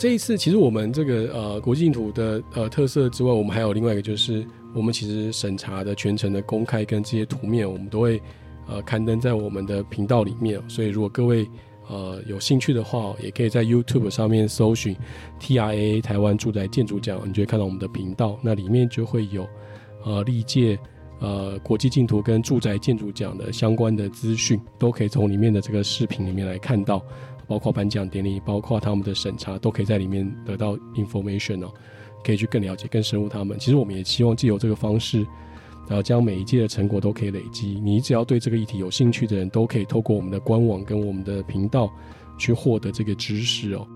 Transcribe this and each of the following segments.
這一次，其實我們這個呃國際競圖的呃特色之外，我們還有另外一個，就是我們其實審查的全程的公開跟這些圖面，我們都會呃刊登在我們的頻道裡面。所以，如果各位呃有興趣的話，也可以在 YouTube 上面搜尋 TRAA 台灣住宅建築獎，你就會看到我們的頻道。那裡面就會有呃歷屆呃國際競圖跟住宅建築獎的相關的資訊，都可以從裡面的這個視頻裡面來看到。包括頒獎典禮，包括他們的審查，都可以在裡面得到 information 哦，可以去更了解、更深入他們。其實我們也希望，借由這個方式，然後將每一屆的成果都可以累積。你只要對這個議題有興趣的人，都可以透過我們的官網跟我們的頻道去獲得這個知識哦。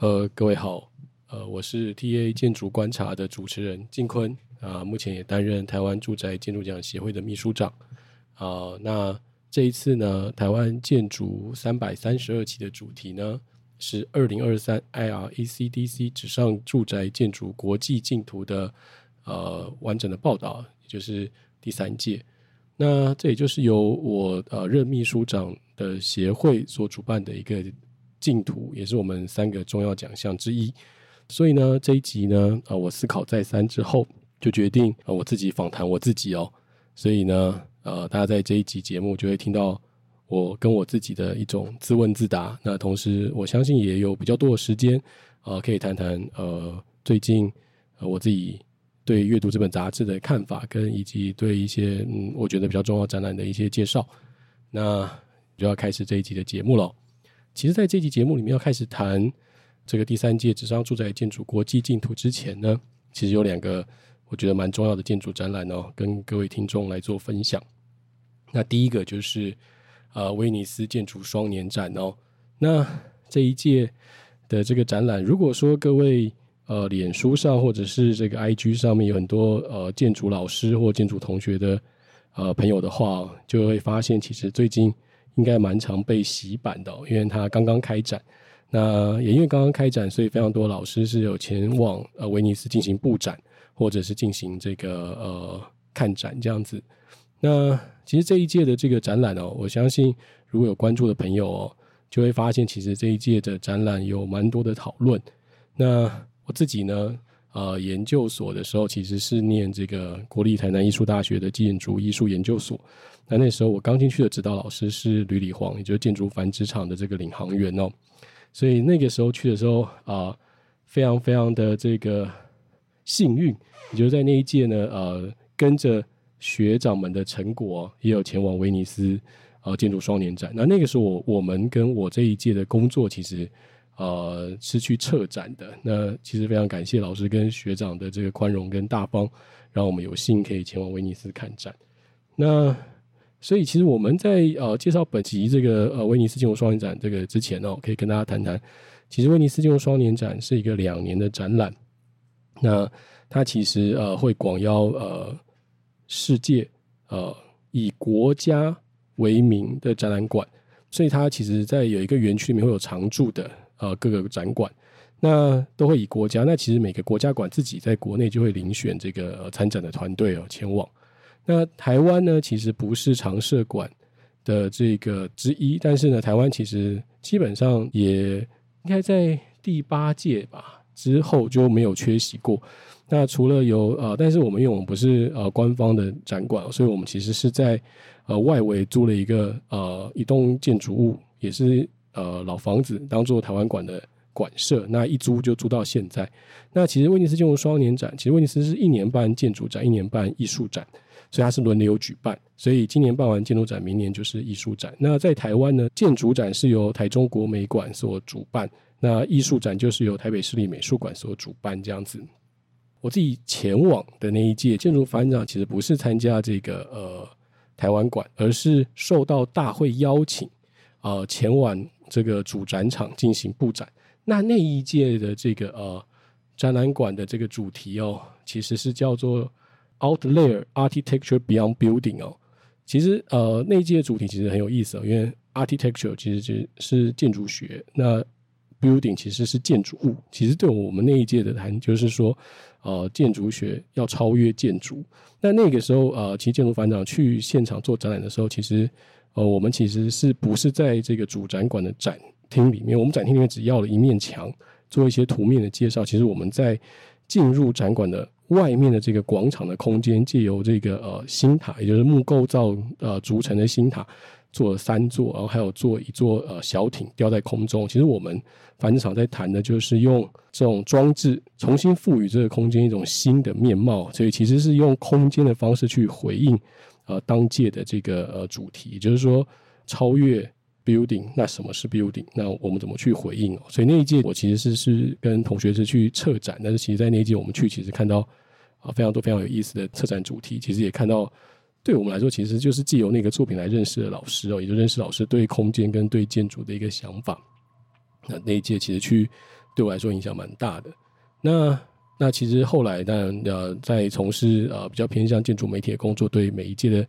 呃，各位好。呃，我是 TA 建築觀察的主持人進坤啊，呃，目前也擔任台灣住宅建築獎協會的秘書長啊，呃。那這一次呢，台灣建築三百三十二期的主題呢，是二零二三 IRACDC 紙上住宅建築國際競圖的呃完整的報道，也就是第三屆。那這也就是由我呃任秘書長的協會所主辦的一個競圖，也是我們三個重要獎項之一。所以呢，這一集呢，呃，我思考再三之後，就決定，呃，我自己訪談我自己哦。所以呢，呃，大家在這一集節目就會聽到我跟我自己的一種自問自答。那同時，我相信也有比較多的時間，呃，可以談談，呃，最近，呃，我自己對閱讀這本雜誌的看法，跟以及對一些，嗯，我覺得比較重要展覽的一些介紹。那就要開始這一集的節目了。其實在這集節目裡面要開始談。這個第三屆“紙上住宅建築國際競圖”之前呢，其實有兩個我覺得蠻重要的建築展覽哦，跟各位聽眾來做分享。那第一個就是呃威尼斯建築雙年展哦，那這一屆的這個展覽，如果說各位呃臉書上或者是這個 IG 上面有很多呃建築老師或建築同學的呃朋友的話，就會發現其實最近應該蠻常被洗版的哦，因為它剛剛開展。那也因為剛剛開展，所以非常多老師是有前往呃威尼斯進行布展，或者是進行這個呃看展這樣子。那其實這一屆的這個展覽哦，我相信如果有關注的朋友哦，就會發現其實這一屆的展覽有蠻多的討論。那我自己呢，呃，研究所的時候其實是念這個國立台南藝術大學的建築藝術研究所。那那時候我剛進去的指導老師是呂理煌，也就是建築繁殖場的這個領航員哦。所以那個時候去的時候啊、呃，非常非常的這個幸運。你就是、在那一屆呢，呃，跟着學長們的成果，也有前往威尼斯呃，建築雙年展。那那個時候我我們跟我這一屆的工作其實呃是去策展的。那其實非常感謝老師跟學長的這個寬容跟大方，讓我們有幸可以前往威尼斯看展。那。所以，其實我們在呃介紹本集這個呃威尼斯建築雙年展這個之前哦，可以跟大家談談，其實威尼斯建築雙年展是一個兩年的展覽，那它其實呃會廣邀呃世界呃以國家為名的展覽館，所以它其實，在有一個園區裡面會有常駐的呃各個展館，那都會以國家，那其實每個國家館自己在國內就會遴選這個、呃、參展的團隊哦、呃、前往。那台灣呢，其實不是常設館的這個之一，但是呢，台灣其實基本上也應該在第八屆吧之後就沒有缺席過。那除了有呃，但是我們因為我們不是呃官方的展館，所以我們其實是在呃外圍租了一個呃一棟建築物，也是呃老房子當做台灣館的館舍。那一租就租到現在。那其實威尼斯建築雙年展，其實威尼斯是一年半建築展，一年半藝術展。所以它是輪流舉辦，所以今年辦完建築展，明年就是藝術展。那在台灣呢，建築展是由台中國美館所主辦，那藝術展就是由台北市立美術館所主辦這樣子。我自己前往的那一屆建築展覽展，其實不是參加這個呃台灣館，而是受到大會邀請呃前往這個主展場進行布展。那那一屆的這個呃展覽館的這個主題哦、喔，其實是叫做。Outlier architecture beyond building 哦，其實呃那一屆的主題其實很有意思，因為 architecture 其實是建築學，那 building 其實是建築物，其實對我們那一屆的談就是說，呃建築學要超越建築。那那個時候呃，其實建築館長，去現場做展覽的時候，其實呃我們其實是不是在這個主展館的展廳裡面？我們展廳裡面只要了一面牆做一些圖面的介紹，其實我們在。進入展館的外面的這個廣場的空間，借由這個呃新塔，也就是木構造呃組成的新塔，做了三座，然後還有做一座呃小艇吊在空中。其實我們繁殖場在談的就是用這種裝置重新賦予這個空間一種新的面貌，所以其實是用空間的方式去回應呃當屆的這個呃主題，也就是說超越。Building，那什麼是 Building？那我們怎麼去回應？所以那一屆我其實是是跟同學是去策展，但是其實在那一屆我們去其實看到啊非常多非常有意思的策展主題，其實也看到對我們來說其實就是借由那個作品來認識的老師哦，也就認識老師對空間跟對建築的一個想法。那那一屆其實去對我來說影響蠻大的。那那其實後來當然呃在從事呃比較偏向建築媒體的工作，對每一屆的。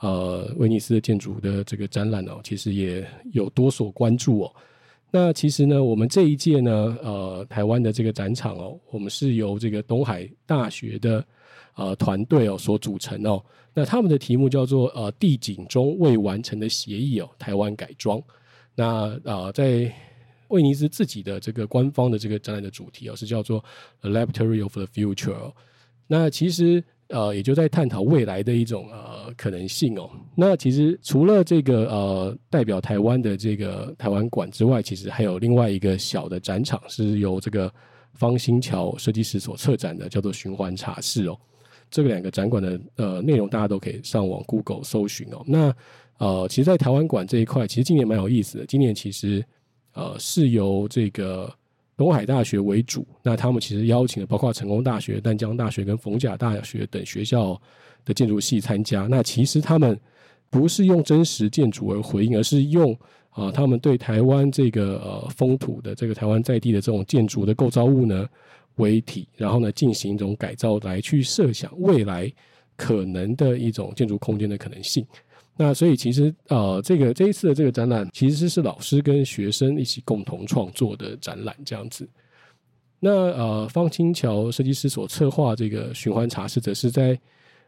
呃，威尼斯的建築的這個展覽哦，其實也有多所關注哦。那其實呢，我們這一屆呢，呃，台灣的這個展場哦，我們是由這個東海大學的呃團隊哦所組成哦。那他們的題目叫做呃“地景中未完成的協議”哦，台灣改裝。那啊、呃，在威尼斯自己的這個官方的這個展覽的主題哦，是叫做 “The Laboratory of the Future”。那其實。呃，也就在探討未來的一種呃可能性哦。那其實除了這個呃代表台灣的這個台灣館之外，其實還有另外一個小的展場是由這個方新樵設計師所策展的，叫做循環茶事哦。這個兩個展館的呃內容，大家都可以上網 Google 搜尋哦。那呃，其實，在台灣館這一塊，其實今年蠻有意思的。今年其實呃是由這個。東海大學為主，那他們其實邀請了包括成功大學、淡江大學跟逢甲大學等學校的建築系參加。那其實他們不是用真實建築而回應，而是用啊、呃，他們對台灣這個呃風土的這個台灣在地的這種建築的構造物呢為體，然後呢進行一種改造，來去設想未來可能的一種建築空間的可能性。那所以其實呃，這個這一次的這個展覽其實是，是老師跟學生一起共同創作的展覽這樣子。那呃，方新樵設計師所策劃這個循環茶事，則是在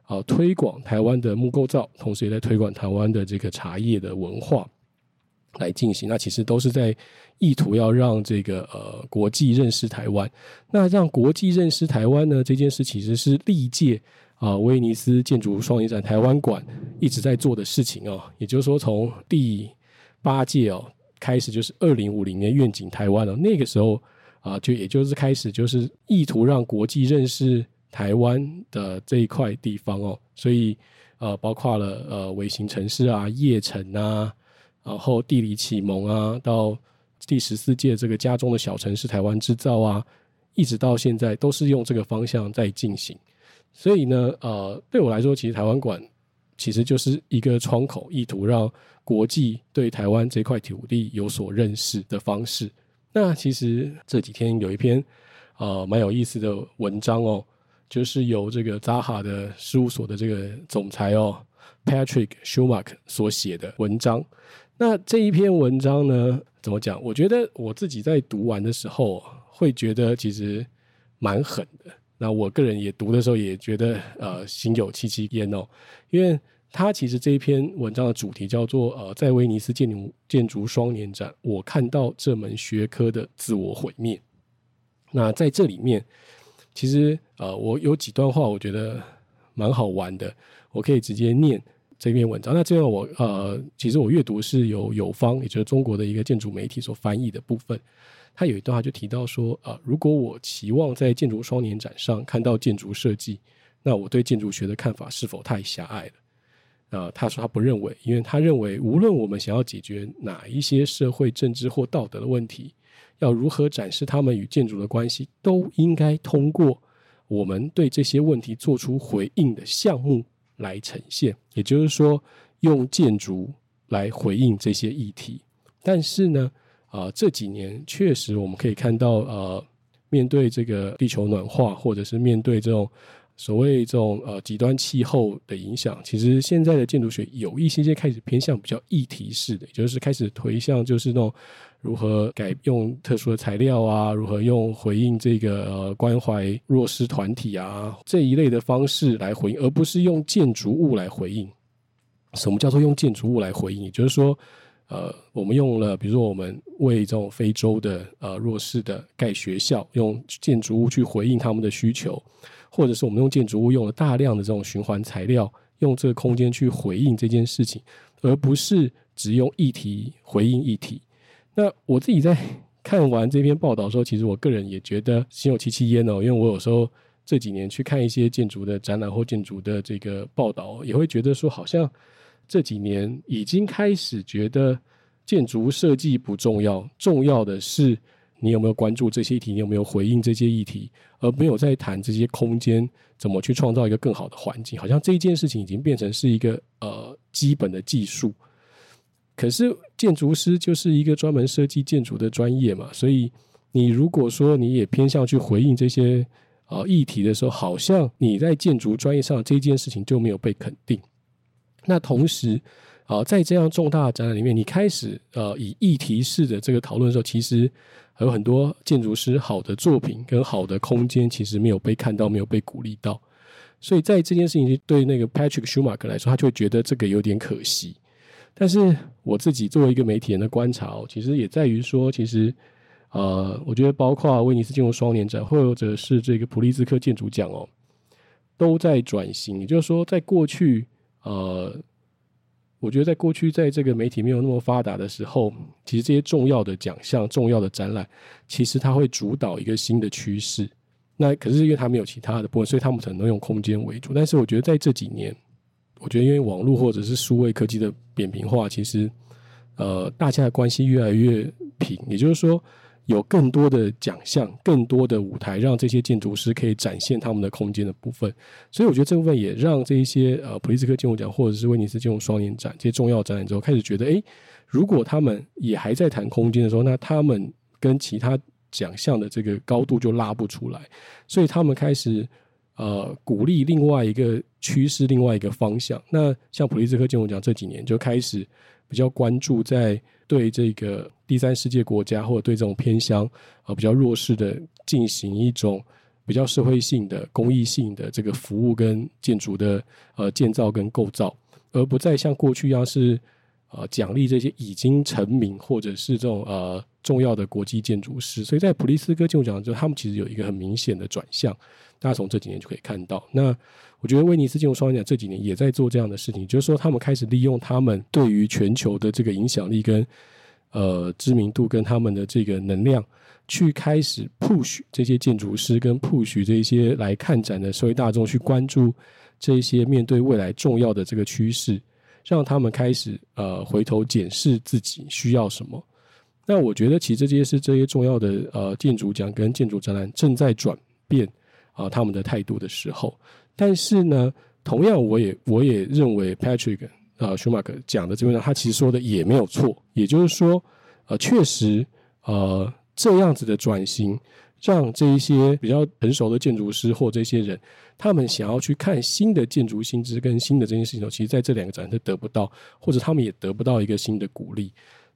呃推廣台灣的木構造，同時也在推廣台灣的這個茶葉的文化來進行。那其實都是在意圖要讓這個呃國際認識台灣。那讓國際認識台灣呢，這件事其實是歷屆。啊，威尼斯建築雙年展台灣館一直在做的事情哦，也就是說，從第八屆哦開始，就是二零五零年願景台灣了哦。那個時候啊，就也就是開始就是意圖讓國際認識台灣的這一塊地方哦，所以呃，包括了呃微型城市啊、夜城啊，然後地理啟蒙啊，到第十四屆這個家中的小城市台灣製造啊，一直到現在都是用這個方向在進行。所以呢，呃，對我來說，其實台灣館其實就是一個窗口，意圖讓國際對台灣這塊土地有所認識的方式。那其實這幾天有一篇呃蠻有意思的文章哦，就是由這個 Zaha 的事務所的這個總裁哦，Patrick Schumacher 所寫的文章。那這一篇文章呢，怎麼講？我覺得我自己在讀完的時候會覺得其實蠻狠的。那我個人也讀的時候也覺得呃，心有戚戚焉哦，因為他其實這一篇文章的主題叫做呃，在威尼斯建築建築雙年展，我看到這門學科的自我毀滅。那在這裡面，其實呃，我有幾段話我覺得蠻好玩的，我可以直接念這篇文章。那這樣我呃，其實我閱讀是有有方，也就是中國的一個建築媒體所翻譯的部分。他有一段話就提到說，呃，如果我期望在建築雙年展上看到建築設計，那我對建築學的看法是否太狹隘了？呃，他說他不認為，因為他認為，無論我們想要解決哪一些社會、政治或道德的問題，要如何展示他們與建築的關係，都應該通過我們對這些問題做出回應的項目來呈現。也就是說，用建築來回應這些議題。但是呢，啊、呃，這幾年確實我們可以看到，呃，面對這個地球暖化，或者是面對這種所謂這種呃極端氣候的影響，其實現在的建築學有一些些開始偏向比較議題式的，也就是開始推向就是那種如何改用特殊的材料啊，如何用回應這個呃關懷弱勢團體啊這一類的方式來回應，而不是用建築物來回應。什麼叫做用建築物來回應？也就是說，呃，我們用了，比如說，我們為這種非洲的呃弱勢的蓋學校，用建築物去回應他們的需求，或者是我們用建築物用了大量的這種循環材料，用這個空間去回應這件事情，而不是只用議題回應議題。那我自己在看完這篇報道的時候，其實我個人也覺得心有戚戚焉哦，因為我有時候這幾年去看一些建築的展覽或建築的這個報道，也會覺得說好像。這幾年已經開始覺得建築設計不重要，重要的是你有沒有關注這些議題，你有沒有回應這些議題，而沒有在談這些空間怎麼去創造一個更好的環境。好像這件事情已經變成是一個呃基本的技術。可是建築師就是一個專門設計建築的專業嘛，所以你如果說你也偏向去回應這些呃議題的時候，好像你在建築專業上這件事情就沒有被肯定。那同時，啊，在這樣重大的展覽裡面，你開始呃以議題式的這個討論的時候，其實還有很多建築師好的作品跟好的空間，其實沒有被看到，沒有被鼓勵到。所以在這件事情對那個 Patrick Schumacher 來說，他就會覺得這個有點可惜。但是我自己作為一個媒體人的觀察，其實也在於說，其實呃，我覺得包括威尼斯建築雙年展，或者是這個普利茲克建築獎哦，都在轉型，也就是說，在過去，呃，我覺得在過去，在這個媒體沒有那麼發達的時候，其實這些重要的獎項、重要的展覽，其實它會主導一個新的趨勢。那可是因為它沒有其他的部分，所以他們只能用空間為主。但是我覺得在這幾年，我覺得因為網絡或者是數位科技的扁平化，其實呃，大家的關係越來越平，也就是說。有更多的獎項，更多的舞台，讓這些建築師可以展現他們的空間的部分。所以我覺得這部分也讓這一些呃普利茲克建築獎或者是威尼斯建築雙年展這些重要展覽之後開始覺得，誒、欸，如果他們也還在談空間的時候，那他們跟其他獎項的這個高度就拉不出來。所以他們開始呃鼓勵另外一個趨勢，另外一個方向。那像普利茲克建築獎這幾年就開始比較關注在。對這個第三世界國家，或者對這種偏鄉啊、呃、比較弱勢的，進行一種比較社會性的、公益性的這個服務跟建築的呃建造跟構造，而不再像過去一樣是。呃，獎勵這些已經成名或者是這種呃重要的國際建築師，所以在普立茲克建築獎中，他們其實有一個很明顯的轉向，大家從這幾年就可以看到。那我覺得威尼斯建築雙年展這幾年也在做這樣的事情，就是說他們開始利用他們對於全球的這個影響力跟呃知名度跟他們的這個能量，去開始 push 這些建築師跟 push 這一些來看展的社會大眾去關注這一些面對未來重要的這個趨勢。讓他們開始呃回頭檢視自己需要什麼。那我覺得其實這些是這些重要的呃建築獎跟建築展覽正在轉變啊、呃、他們的態度的時候。但是呢，同樣我也我也認為 Patrick 啊、呃、Schumacher 講的這部分，他其實說的也沒有錯。也就是說，呃，確實呃這樣子的轉型。讓這一些比較成熟的建築師或這些人，他們想要去看新的建築新知跟新的這些事情，其實在這兩個展示得不到，或者他們也得不到一個新的鼓勵。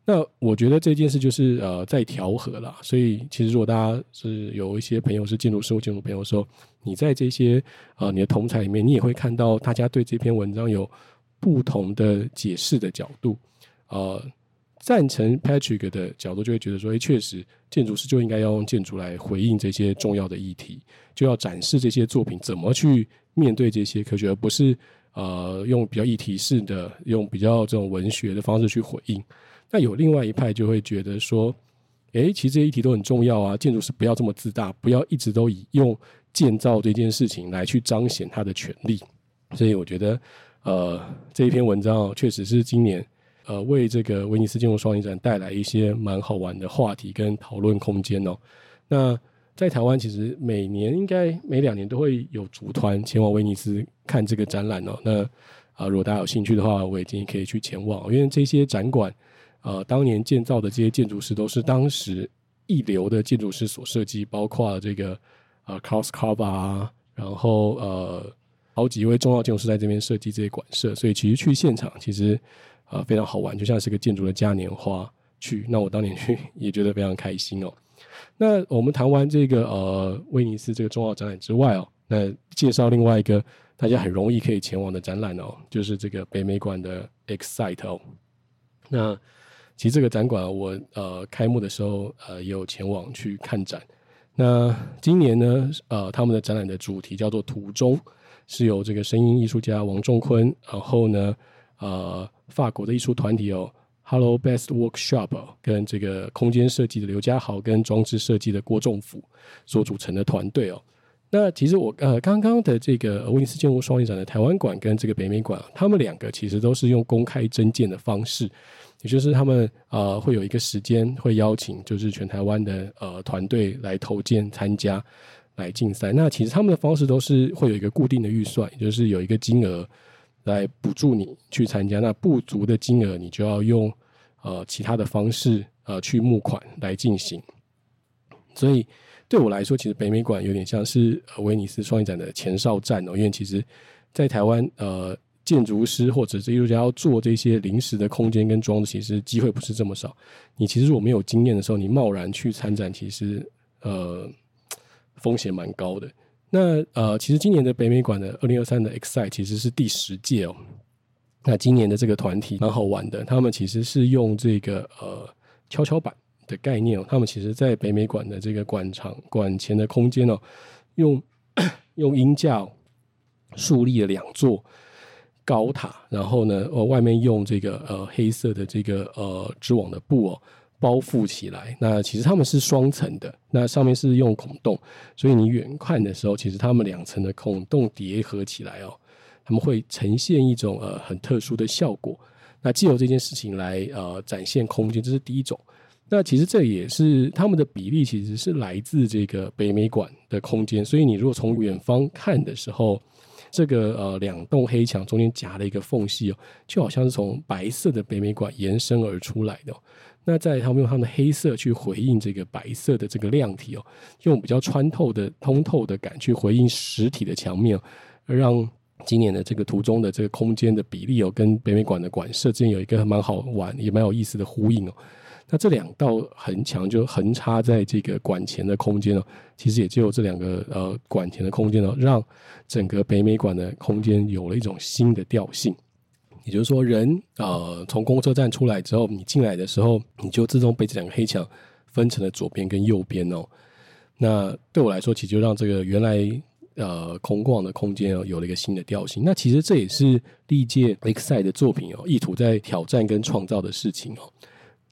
那我覺得這件事就是呃在調和了。所以其實如果大家是有一些朋友是建築師或建築朋友的時候，你在這些啊、呃、你的同儕裡面，你也會看到大家對這篇文章有不同的解釋的角度，呃。贊成 Patrick 的角度，就會覺得說：“誒，確實，建築師就應該要用建築來回應這些重要的議題，就要展示這些作品怎麼去面對這些科學，而不是呃用比較議題式的、用比較這種文學的方式去回應。”那有另外一派就會覺得說：“誒，其實這些議題都很重要啊，建築師不要這麼自大，不要一直都以用建造這件事情來去彰顯他的權利。所以我覺得，呃，這一篇文章確實是今年。呃，為這個威尼斯建築雙年展帶來一些蠻好玩的話題跟討論空間哦。那在台灣，其實每年應該每兩年都會有組團前往威尼斯看這個展覽哦。那啊、呃，如果大家有興趣的話，我也建議可以去前往，因為這些展館，呃，當年建造的這些建築師都是當時一流的建築師所設計，包括這個呃 Carlo Scarpa、啊、然後呃，好幾位重要建築師在這邊設計這些館舍，所以其實去現場其實。啊，非常好玩，就像是個建築的嘉年華去。那我當年去也覺得非常開心哦。那我們談完這個呃威尼斯這個重要展覽之外哦，那介紹另外一個大家很容易可以前往的展覽哦，就是這個北美館的 X-site 哦。那其實這個展館我呃開幕的時候呃也有前往去看展。那今年呢呃他們的展覽的主題叫做途中，是由這個聲音藝術家王仲堃，然後呢。呃，法國的藝術團體哦，hellobast workshop、哦、跟這個空間設計的劉佳豪跟裝置設計的郭仲輔所組成的團隊哦。嗯、那其實我呃剛剛的這個威尼斯建築雙年展的台灣館跟這個北美館、啊，他們兩個其實都是用公開徵件的方式，也就是他們呃會有一個時間會邀請，就是全台灣的呃團隊來投件參加來競賽。那其實他們的方式都是會有一個固定的預算，也就是有一個金額。來補助你去參加，那不足的金額你就要用呃其他的方式呃去募款來進行。所以對我來說，其實北美館有點像是呃威尼斯雙年展的前哨站哦，因為其實，在台灣呃建築師或者是藝術家要做這些臨時的空間跟裝置，其實機會不是這麼少。你其實如果沒有經驗的時候，你貿然去參展，其實呃風險蠻高的。那呃，其實今年的北美館的二零二三的 X-site 其實是第十屆哦。那今年的這個團體蠻好玩的，他們其實是用這個呃蹺蹺板的概念哦，他們其實在北美館的這個館場館前的空間哦，用用鷹架，哦、樹立了兩座高塔，然後呢，呃，外面用這個呃黑色的這個呃織網的布哦。包覆起來，那其實他們是雙層的，那上面是用孔洞，所以你遠看的時候，其實他們兩層的孔洞疊合起來喔，他們會呈現一種呃很特殊的效果。那藉由這件事情來呃展現空間，這是第一種。那其實這也是他們的比例其實是來自這個北美館的空間，所以你如果從遠方看的時候，這個呃兩棟黑牆中間夾了一個縫隙喔，就好像是從白色的北美館延伸而出來的喔。那在他們用他們的黑色去回應這個白色的這個量體哦用比較穿透的通透的感去回應實體的牆面哦讓今年的這個途中的這個空間的比例哦，跟北美館的館舍之間有一個蠻好玩也蠻有意思的呼應哦那這兩道橫牆就橫插在這個館前的空間哦，其實也就這兩個呃館前的空間哦，讓整個北美館的空間有了一種新的調性。也就是說人，人呃，從公車站出來之後，你進來的時候，你就自動被這兩個黑牆分成了左邊跟右邊哦。那對我來說，其實就讓這個原來呃空曠的空間有了一個新的調性。那其實這也是歷屆雷 x i 的作品哦，意圖在挑戰跟創造的事情哦。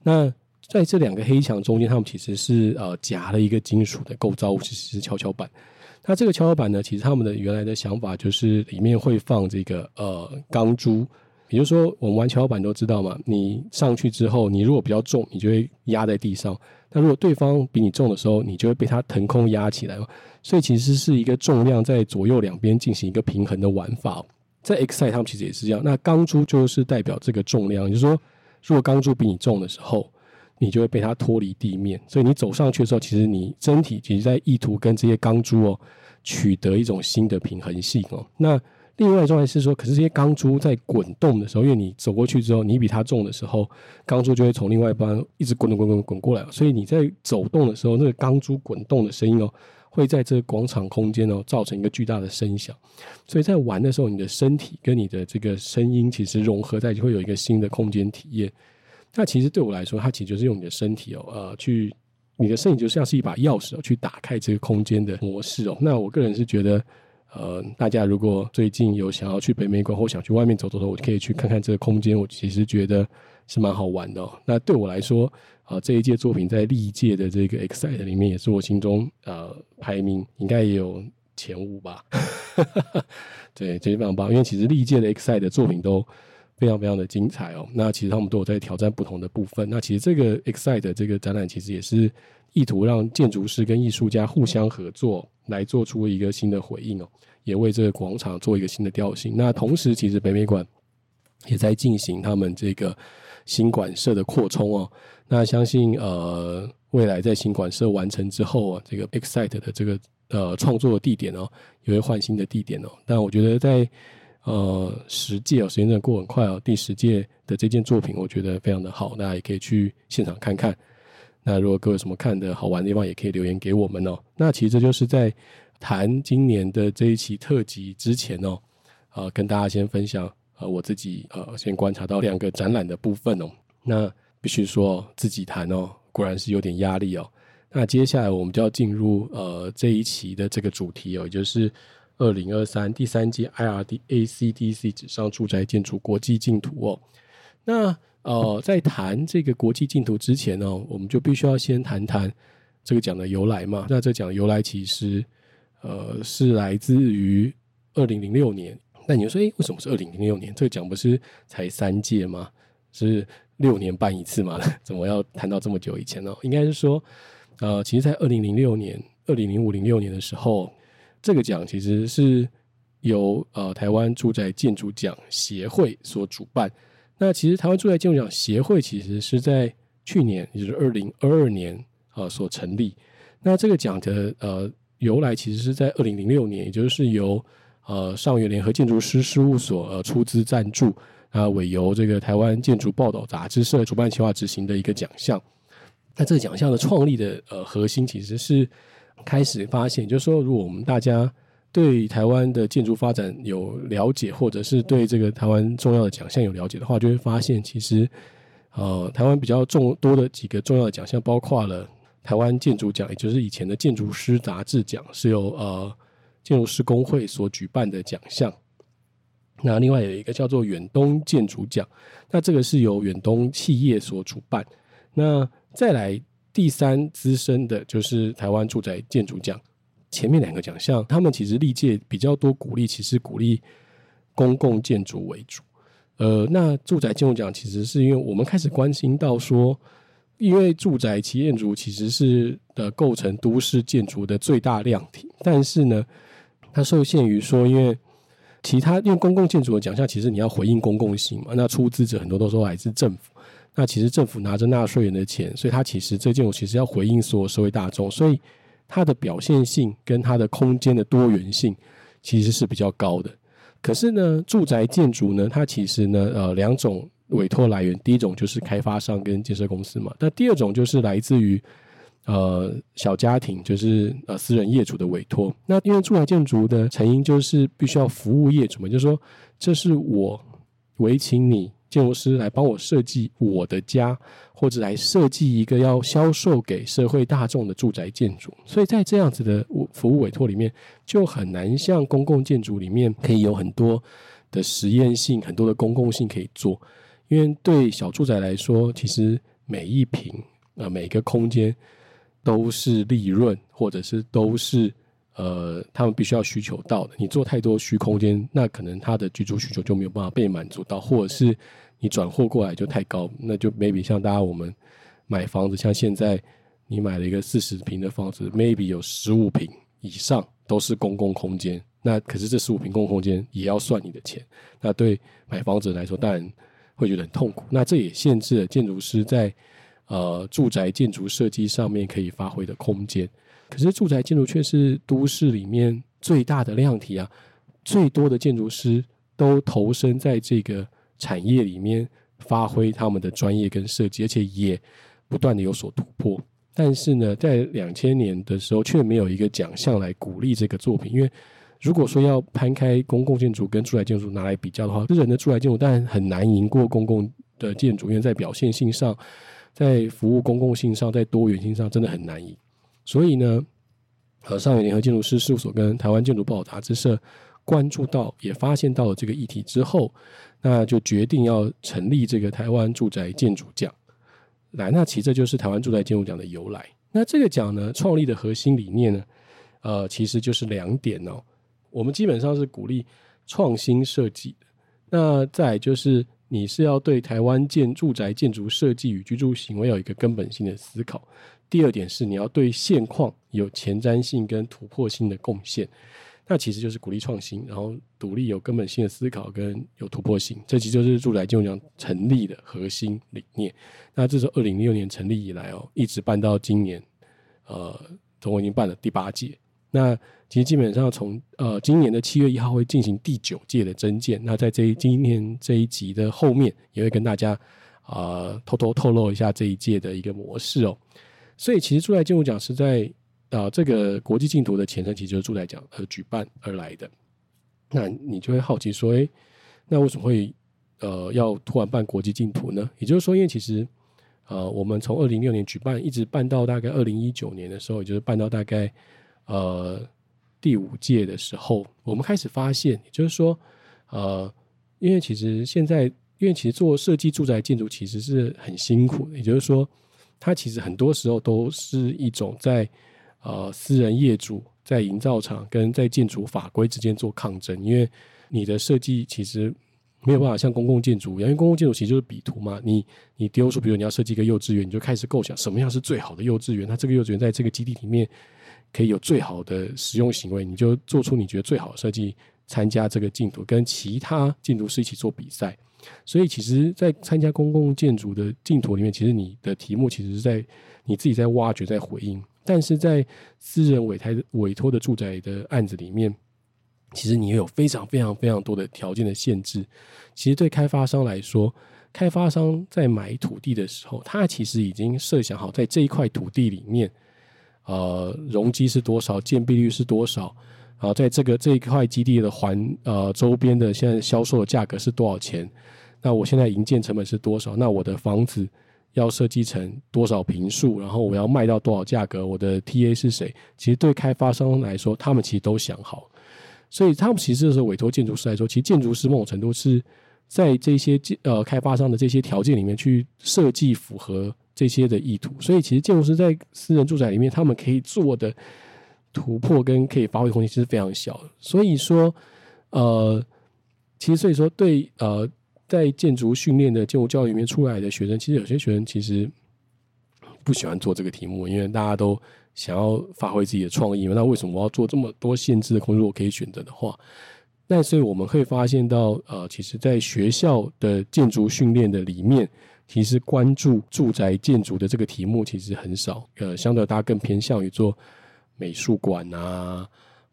那在這兩個黑牆中間，他們其實是呃夾了一個金屬的構造，其實是蹺蹺板。那這個蹺蹺板呢，其實他們的原來的想法就是裡面會放這個呃鋼珠。也就是說，我們玩蹺板都知道嘛，你上去之後，你如果比較重，你就會壓在地上；那如果對方比你重的時候，你就會被它騰空壓起來嘛。所以其實是一個重量在左右兩邊進行一個平衡的玩法。在 X 賽他們其實也是這樣，那鋼珠就是代表這個重量，就是說，如果鋼珠比你重的時候，你就會被它脫離地面。所以你走上去的時候，其實你整體其實在意圖跟這些鋼珠哦，取得一種新的平衡性哦。那另外一種還是說，可是這些鋼珠在滾動的時候，因為你走過去之後，你比它重的時候，鋼珠就會從另外一端一直滾滾滾滾滾過來。所以你在走動的時候，那個鋼珠滾動的聲音喔，會在這個廣場空間喔，造成一個巨大的聲響。所以在玩的時候，你的身體跟你的這個聲音其實融合在一起，會有一個新的空間體驗。那其實對我來說，它其實就是用你的身體喔，呃，去你的身體就像是一把鑰匙喔，去打開這個空間的模式喔。那我個人是覺得。呃，大家如果最近有想要去北美館或想去外面走走的，我可以去看看這個空間。我其實覺得是蠻好玩的、哦。那對我來說，啊、呃，這一屆作品在歷屆的這個 X-site 裡面，也是我心中呃排名應該也有前五吧。 對，這是非常棒，因為其實歷屆的 X-site 的作品都。非常非常的精彩哦！那其實他們都有在挑戰不同的部分。那其實這個 X-site 這個展覽其實也是意圖讓建築師跟藝術家互相合作，來做出一個新的回應哦，也為這個廣場做一個新的調性。那同時，其實北美館也在進行他們這個新館舍的擴充哦。那相信呃，未來在新館舍完成之後啊，這個 X-site 的這個呃創作的地點哦，也會換新的地點哦。但我覺得在。呃，十屆哦，時間真的過很快哦。第十屆的這件作品，我覺得非常的好，大家也可以去現場看看。那如果各位有什麼看的好玩的地方，也可以留言給我們哦。那其實就是在談今年的這一期特輯之前哦，呃，跟大家先分享，呃，我自己，呃，先觀察到兩個展覽的部分哦。那必須說自己談哦，果然是有點壓力哦。那接下來我們就要進入呃這一期的這個主題哦，也就是。二零二三第三屆 IRACDC 紙上住宅建築國際競圖哦，那呃，在談這個國際競圖之前呢、哦，我們就必須要先談談這個獎的由來嘛。那這獎由來其實呃是來自於二零零六年。那你說，哎，為什麼是二零零六年？這個獎不是才三屆嗎？是六年辦一次嗎？怎麼要談到這麼久以前呢、哦？應該是說，呃，其實，在二零零六年、二零零五零六年的時候。這個獎其實是由呃台灣住宅建築獎協會所主辦。那其實台灣住宅建築獎協會其實是在去年，也就是二零二二年呃所成立。那這個獎的呃由來其實是在二零零六年，也就是由呃上元聯合建築師事務所呃出資贊助啊，委、呃、由這個台灣建築報導雜誌社主辦、企劃執行的一個獎項。那這個獎項的創立的呃核心其實是。開始發現，就是說，如果我們大家對台灣的建築發展有了解，或者是對這個台灣重要的獎項有了解的話，就會發現，其實呃，台灣比較重，多的幾個重要的獎項，包括了台灣建築獎，也就是以前的建築師雜誌獎，是由呃建築師公會所舉辦的獎項。那另外有一個叫做遠東建築獎，那這個是由遠東企業所主辦。那再來。第三資深的，就是台灣住宅建築獎。前面兩個獎項，他們其實歷屆比較多鼓勵，其實鼓勵公共建築為主。呃，那住宅建築獎其實是因為我們開始關心到說，因為住宅建築其實是的、呃、構成都市建築的最大量體，但是呢，它受限於說，因為其他因為公共建築的獎項，其實你要回應公共性嘛，那出資者很多都說來自政府。那其實政府拿着納稅人的錢，所以它其實這件我其實要回應所有社會大眾，所以它的表現性跟它的空間的多元性其實是比較高的。可是呢，住宅建築呢，它其實呢，呃，兩種委託來源，第一種就是開發商跟建設公司嘛，那第二種就是來自於呃，小家庭，就是呃私人業主的委託。那因為住宅建築的成因就是必須要服務業主嘛，就是說，這是我，唯請你。建築師來幫我設計我的家，或者來設計一個要銷售給社會大眾的住宅建築。所以在這樣子的服務委託裡面，就很難像公共建築裡面可以有很多的實驗性、很多的公共性可以做。因為對小住宅來說，其實每一平啊、呃，每個空間都是利潤，或者是都是呃，他們必須要需求到的。你做太多虛空間，那可能他的居住需求就沒有辦法被滿足到，或者是。你轉貨過來就太高，那就 maybe 像大家我們買房子，像現在你買了一個四十坪的房子，maybe 有十五坪以上都是公共空間，那可是這十五坪公共空間也要算你的錢，那對買房子來說，當然會覺得很痛苦。那這也限制了建築師在呃住宅建築設計上面可以發揮的空間。可是住宅建築卻是都市裡面最大的量體啊，最多的建築師都投身在這個。產業裡面發揮他們的專業跟設計，而且也不斷的有所突破。但是呢，在兩千年的時候，卻沒有一個獎項來鼓勵這個作品。因為如果說要攤開公共建築跟住宅建築拿來比較的話，個人的住宅建築當然很難贏過公共的建築，因為在表現性上、在服務公共性上、在多元性上，真的很難贏。所以呢，和上元聯合建築師事務所跟台灣建築報導雜誌社。關注到也發現到了這個議題之後，那就決定要成立這個台灣住宅建築獎。來，那其實就是台灣住宅建築獎的由來。那這個獎呢，創立的核心理念呢，呃，其實就是兩點哦。我們基本上是鼓勵創新設計。那再就是，你是要對台灣建住宅建築設計與居住行為有一個根本性的思考。第二點是，你要對現況有前瞻性跟突破性的貢獻。那其實就是鼓勵創新，然後獨立有根本性的思考跟有突破性，這其實就是住宅建築獎成立的核心理念。那這是二零零六年成立以來哦，一直辦到今年，呃，總共已經辦了第八屆。那其實基本上從呃今年的七月一號會進行第九屆的徵件。那在這一今年這一集的後面，也會跟大家啊、呃、偷偷透露一下這一屆的一個模式哦。所以其實住宅建築獎是在。啊、呃，這個國際競圖的前身其實就是住宅獎而、呃、舉辦而來的，那你就會好奇說，誒，那為什麼會呃要突然辦國際競圖呢？也就是說，因為其實呃，我們從二零一六年舉辦一直辦到大概二零一九年的時候，也就是辦到大概呃第五屆的時候，我們開始發現，也就是說，呃，因為其實現在，因為其實做設計住宅建築其實是很辛苦的，也就是說，它其實很多時候都是一種在。呃，私人業主在營造廠跟在建築法規之間做抗爭，因為你的設計其實沒有辦法像公共建築一樣，因為公共建築其實就是比圖嘛。你你丟出，比如你要設計一個幼稚園，你就開始構想什麼樣是最好的幼稚園，那這個幼稚園在這個基地裡面可以有最好的使用行為，你就做出你覺得最好的設計，參加這個競圖跟其他建築師一起做比賽。所以，其實，在參加公共建築的競圖裡面，其實你的題目其實是在你自己在挖掘，在回應。但是在私人委台委託的住宅的案子裡面，其實你有非常非常非常多的條件的限制。其實對開發商來說，開發商在買土地的時候，他其實已經設想好在這一塊土地裡面，呃，容積是多少，建蔽率是多少，然後，啊，在這個這一塊基地的環呃周邊的現在銷售的價格是多少錢？那我現在營建成本是多少？那我的房子。要設計成多少坪數，然後我要賣到多少價格，我的 TA 是誰？其實對開發商來說，他們其實都想好，所以他們其實這時候委托建築師來說，其實建築師某種程度是在這些呃開發商的這些條件裡面去設計符合這些的意圖。所以其實建築師在私人住宅裡面，他們可以做的突破跟可以發揮空間其實非常小。所以說，呃，其實所以說對呃。在建築訓練的建築教育裡面出來的學生，其實有些學生其實不喜歡做這個題目，因為大家都想要發揮自己的創意嘛。那為什麼我要做這麼多限制的工作？可以選擇的話，那所以我們會發現到，呃，其實，在學校的建築訓練的裡面，其實關注住宅建築的這個題目其實很少。呃，相對大家更偏向於做美術館啊、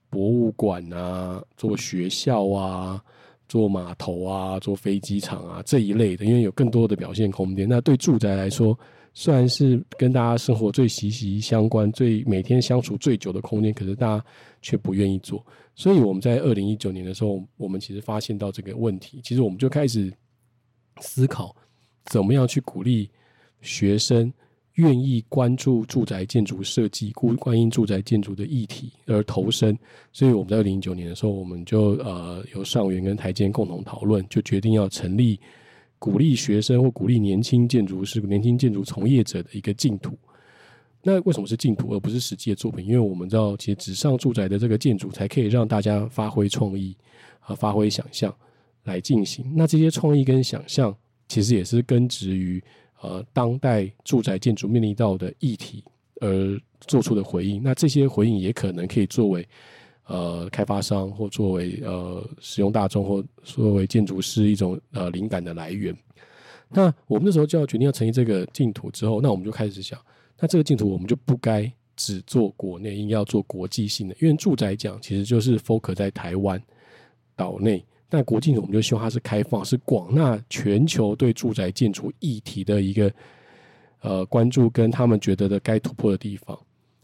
博物館啊、做學校啊。做碼頭啊，做飛機場啊，這一類的，因為有更多的表現空間。那對住宅來說，雖然是跟大家生活最息息相關、最每天相處最久的空間，可是大家卻不願意做。所以我們在二零一九年的時候，我們其實發現到這個問題，其實我們就開始思考怎麼樣去鼓勵學生。願意關注住宅建築設計、關關心住宅建築的議題而投身，所以我們在二零零九年的時候，我們就呃由上元跟台監共同討論，就決定要成立鼓勵學生或鼓勵年輕建築師、年輕建築從業者的一個競圖。那為什麼是競圖而不是實際的作品？因為我們知道，其實紙上住宅的這個建築，才可以讓大家發揮創意和、呃、發揮想象來進行。那這些創意跟想象，其實也是根植於。呃，當代住宅建築面臨到的議題，而做出的回應，那這些回應也可能可以作為呃開發商或作為呃使用大眾或作為建築師一種呃靈感的來源。那我們那時候就要決定要成立這個競圖之後，那我們就開始想，那這個競圖我們就不該只做國內，應該要做國際性的。因為住宅獎其實就是 focus 在台灣島內。那競圖，我們就希望它是開放，是廣納全球對住宅建築議題的一個呃關注跟他們覺得的該突破的地方，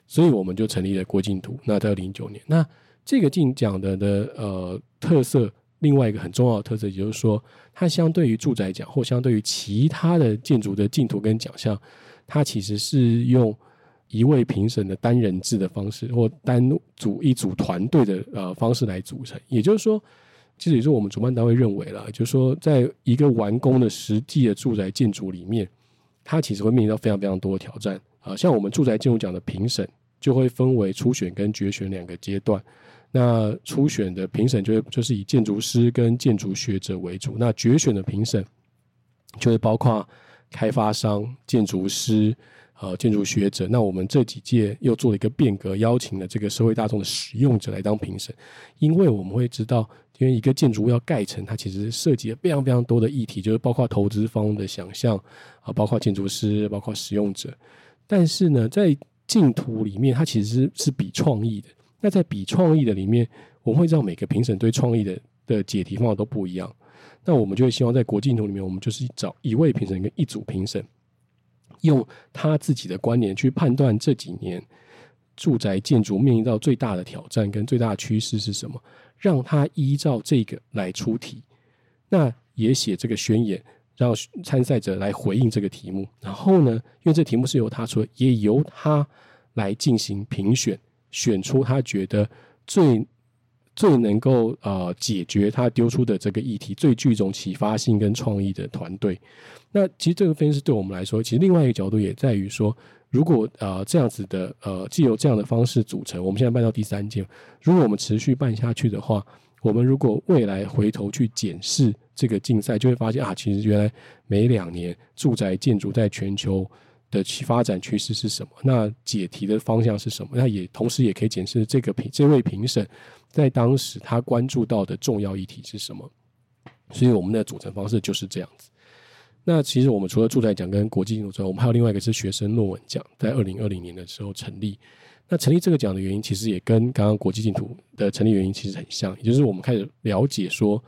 所以我們就成立了競圖。那在零九年，那這個獎的的呃特色，另外一個很重要的特色，也就是說，它相對於住宅獎或相對於其他的建築的競圖跟獎項，它其實是用一位評審的單人制的方式，或單組一組團隊的呃方式來組成，也就是說，其實也是我們主辦單位認為了，就是說，在一個完工的實際的住宅建築裡面，它其實會面臨到非常非常多的挑戰。啊，像我們住宅建築獎的評審，就會分為初選跟決選兩個階段。那初選的評審，就是就是以建築師跟建築學者為主。那決選的評審，就會包括開發商、建築師、呃建築學者。那我們這幾屆又做了一個變革，邀請了這個社會大眾的使用者來當評審，因為我們會知道。因為一個建築物要蓋成，它其實涉及了非常非常多的議題，就是包括投資方的想象啊，包括建築師，包括使用者。但是呢，在競圖裡面，它其實是比創意的。那在比創意的裡面，我們會知道每個評審對創意的的解題方法都不一樣。那我們就會希望在國際競圖裡面，我們就是找一位評審跟一組評審，用他自己的觀點去判斷這幾年住宅建築面臨到最大的挑戰跟最大的趨勢是什麼。讓他依照這個來出題，那也寫這個宣言，讓參賽者來回應這個題目。然後呢，因為這個題目是由他出，也由他來進行評選，選出他覺得最最能夠呃解決他丟出的這個議題，最具一種啟發性跟創意的團隊。那其實這個分析對我們來說，其實另外一個角度也在於說。如果呃，這樣子的呃，藉由這樣的方式組成，我們現在辦到第三屆。如果我們持續辦下去的話，我們如果未來回頭去檢視這個競賽，就會發現啊，其實原來每兩年住宅建築在全球的發展趨勢是什麼？那解題的方向是什麼？那也同時也可以檢視這個評這位評審在當時他關注到的重要議題是什麼？所以我們的組成方式就是這樣子。那其實我們除了住宅獎跟國際競圖之外，我們還有另外一個是學生論文獎，在二零二零年的時候成立。那成立這個獎的原因，其實也跟剛剛國際競圖的成立原因其實很像，也就是我們開始了解說，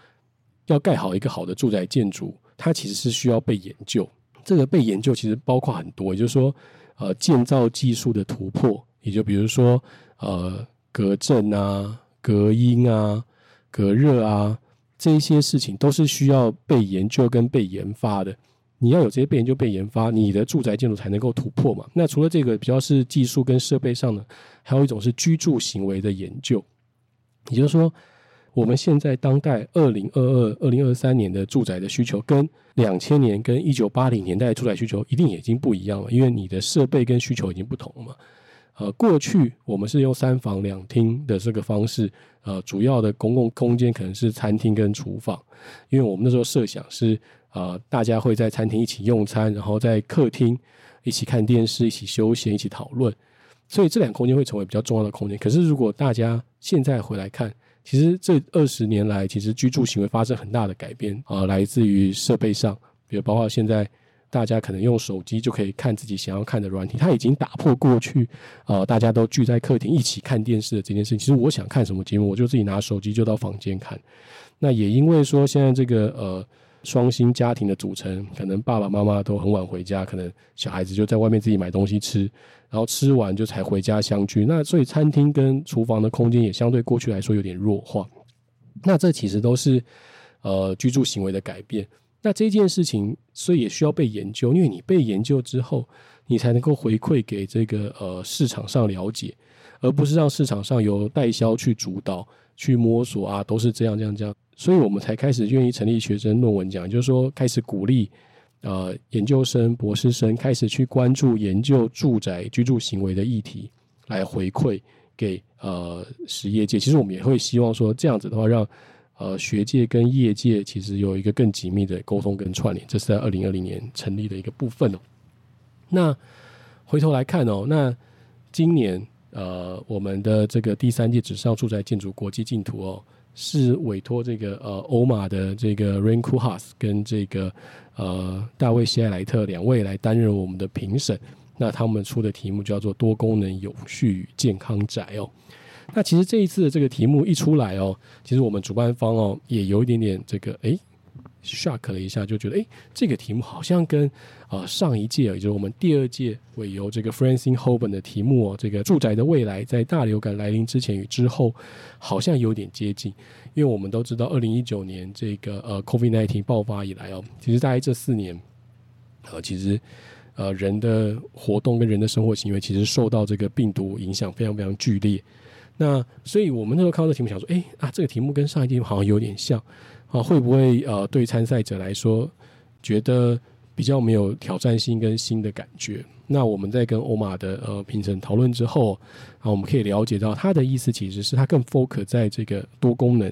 要蓋好一個好的住宅建築，它其實是需要被研究。這個被研究其實包括很多，也就是說，呃，建造技術的突破，也就比如說呃，隔震啊、隔音啊、隔熱啊，這一些事情都是需要被研究跟被研發的。你要有這些被研究被研發，你的住宅建築才能夠突破嘛。那除了這個比較是技術跟設備上呢，還有一種是居住行為的研究。也就是說，我們現在當代二零二二、二零二三年的住宅的需求，跟兩千年跟一九八零年代的住宅需求一定已經不一樣了，因為你的設備跟需求已經不同了嘛。呃，過去我們是用三房兩廳的這個方式，呃，主要的公共空間可能是餐廳跟廚房，因為我們那時候設想是。呃，大家會在餐廳一起用餐，然後在客廳一起看電視、一起休閒、一起討論，所以這兩個空間會成為比較重要的空間。可是，如果大家現在回來看，其實這二十年來，其實居住行為發生很大的改變啊、呃，來自於設備上，比如包括現在大家可能用手機就可以看自己想要看的軟體，它已經打破過去呃，大家都聚在客廳一起看電視的這件事情。其實，我想看什麼節目，我就自己拿手機就到房間看。那也因為說現在這個呃。雙薪家庭的組成，可能爸爸媽媽都很晚回家，可能小孩子就在外面自己買東西吃，然後吃完就才回家相聚。那所以餐廳跟廚房的空間也相對過去來說有點弱化。那這其實都是呃居住行為的改變。那這件事情所以也需要被研究，因為你被研究之後，你才能夠回饋給這個呃市場上了解，而不是讓市場上由代銷去主導去摸索啊，都是這樣這樣這樣。所以我們才開始願意成立學生論文獎，就是說開始鼓勵呃研究生、博士生開始去關注研究住宅居住行為的議題，來回饋給呃實業界。其實我們也會希望說這樣子的話，讓呃學界跟業界其實有一個更緊密的溝通跟串聯。這是在二零二零年成立的一個部分哦。那回頭來看哦，那今年呃我們的這個第三屆紙上住宅建築國際競圖哦。是委託這個呃 OMA 的這個 Rem Koolhaas、uh、跟這個呃大衛希萊萊特兩位來擔任我們的評審，那他們出的題目叫做多功能有序健康宅哦、喔。那其實這一次的這個題目一出來哦、喔，其實我們主辦方哦、喔、也有一點點這個哎。欸 shock 了一下，就覺得誒，這個題目好像跟呃上一屆，也就是我們第二屆為由這個 Francine Houben 的題目哦，這個住宅的未來在大流感來臨之前與之後，好像有點接近。因為我們都知道，二零一九年這個呃 COVID nineteen 爆發以來哦，其實大概這四年，呃，其實呃人的活動跟人的生活行為，其實受到這個病毒影響非常非常劇烈。那所以我們那時候看到這題目，想說，誒，啊，這個題目跟上一屆好像有點像。啊，會不會呃，對參賽者來說覺得比較沒有挑戰性跟新的感覺？那我們在跟歐馬的呃評審討論之後，啊，我們可以了解到他的意思其實是他更 focus 在這個多功能、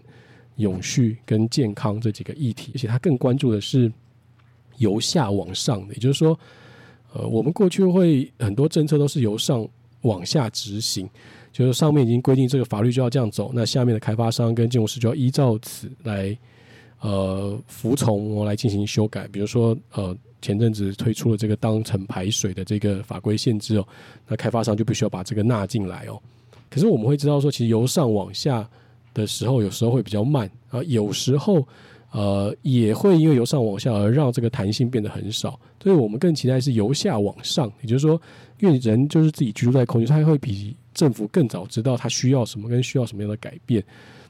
永續跟健康這幾個議題，而且他更關注的是由下往上的，也就是說，呃，我們過去會很多政策都是由上往下執行，就是上面已經規定這個法律就要這樣走，那下面的開發商跟建築師就要依照此來。呃，服從我、哦、來進行修改，比如說，呃，前陣子推出了這個當成排水的這個法規限制哦，那開發商就必須要把這個納進來哦。可是我們會知道說，其實由上往下的時候，有時候會比較慢，而、呃、有時候呃，也會因為由上往下而讓這個彈性變得很少。所以我們更期待是由下往上，也就是說，因為人就是自己居住在空間，他會比政府更早知道他需要什麼跟需要什麼樣的改變。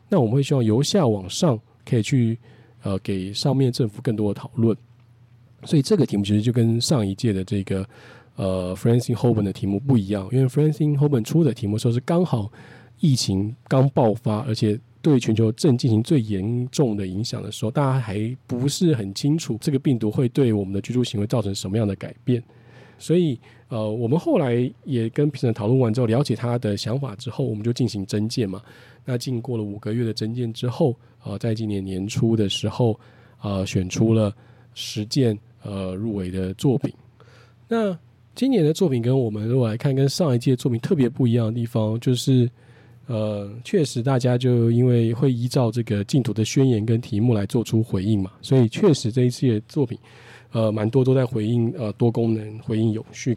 那我們會希望由下往上可以去。呃，給上面政府更多的討論，所以這個題目其實就跟上一屆的這個呃 Francine Houben 的題目不一樣，因為 Francine Houben 出的題目說是剛好疫情剛爆發，而且對全球正進行最嚴重的影響的時候，大家還不是很清楚這個病毒會對我們的居住行為造成什麼樣的改變，所以呃，我們後來也跟評審討論完之後，了解他的想法之後，我們就進行徵件嘛。那經過了五個月的徵件之後。呃，在今年年初的時候，呃，選出了十件呃入圍的作品。那今年的作品跟我們如果來看，跟上一屆作品特別不一樣的地方，就是呃，確實大家就因為會依照這個競圖的宣言跟題目來做出回應嘛，所以確實這一屆作品呃，蠻多都在回應呃多功能、回應永續、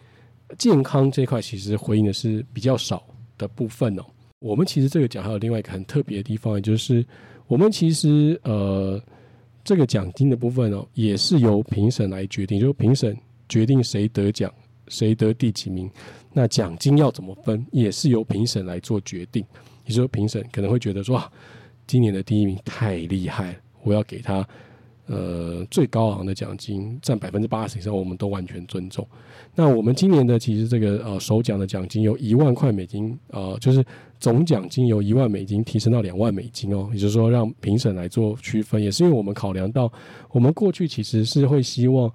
健康這塊，其實回應的是比較少的部分哦。我們其實這個獎還有另外一個很特別的地方，也就是。我們其實呃，這個獎金的部分呢、哦，也是由評審來決定，就是評審決定誰得獎，誰得第幾名，那獎金要怎麼分，也是由評審來做決定。你說評審可能會覺得說、啊，今年的第一名太厲害了，我要給他。呃，最高昂的獎金占百分之八十以上，我們都完全尊重。那我們今年的其實這個呃首獎的獎金有一萬塊美金，呃，就是總獎金由一萬美金提升到兩萬美金哦，也就是說讓評審來做區分，也是因為我們考量到我們過去其實是會希望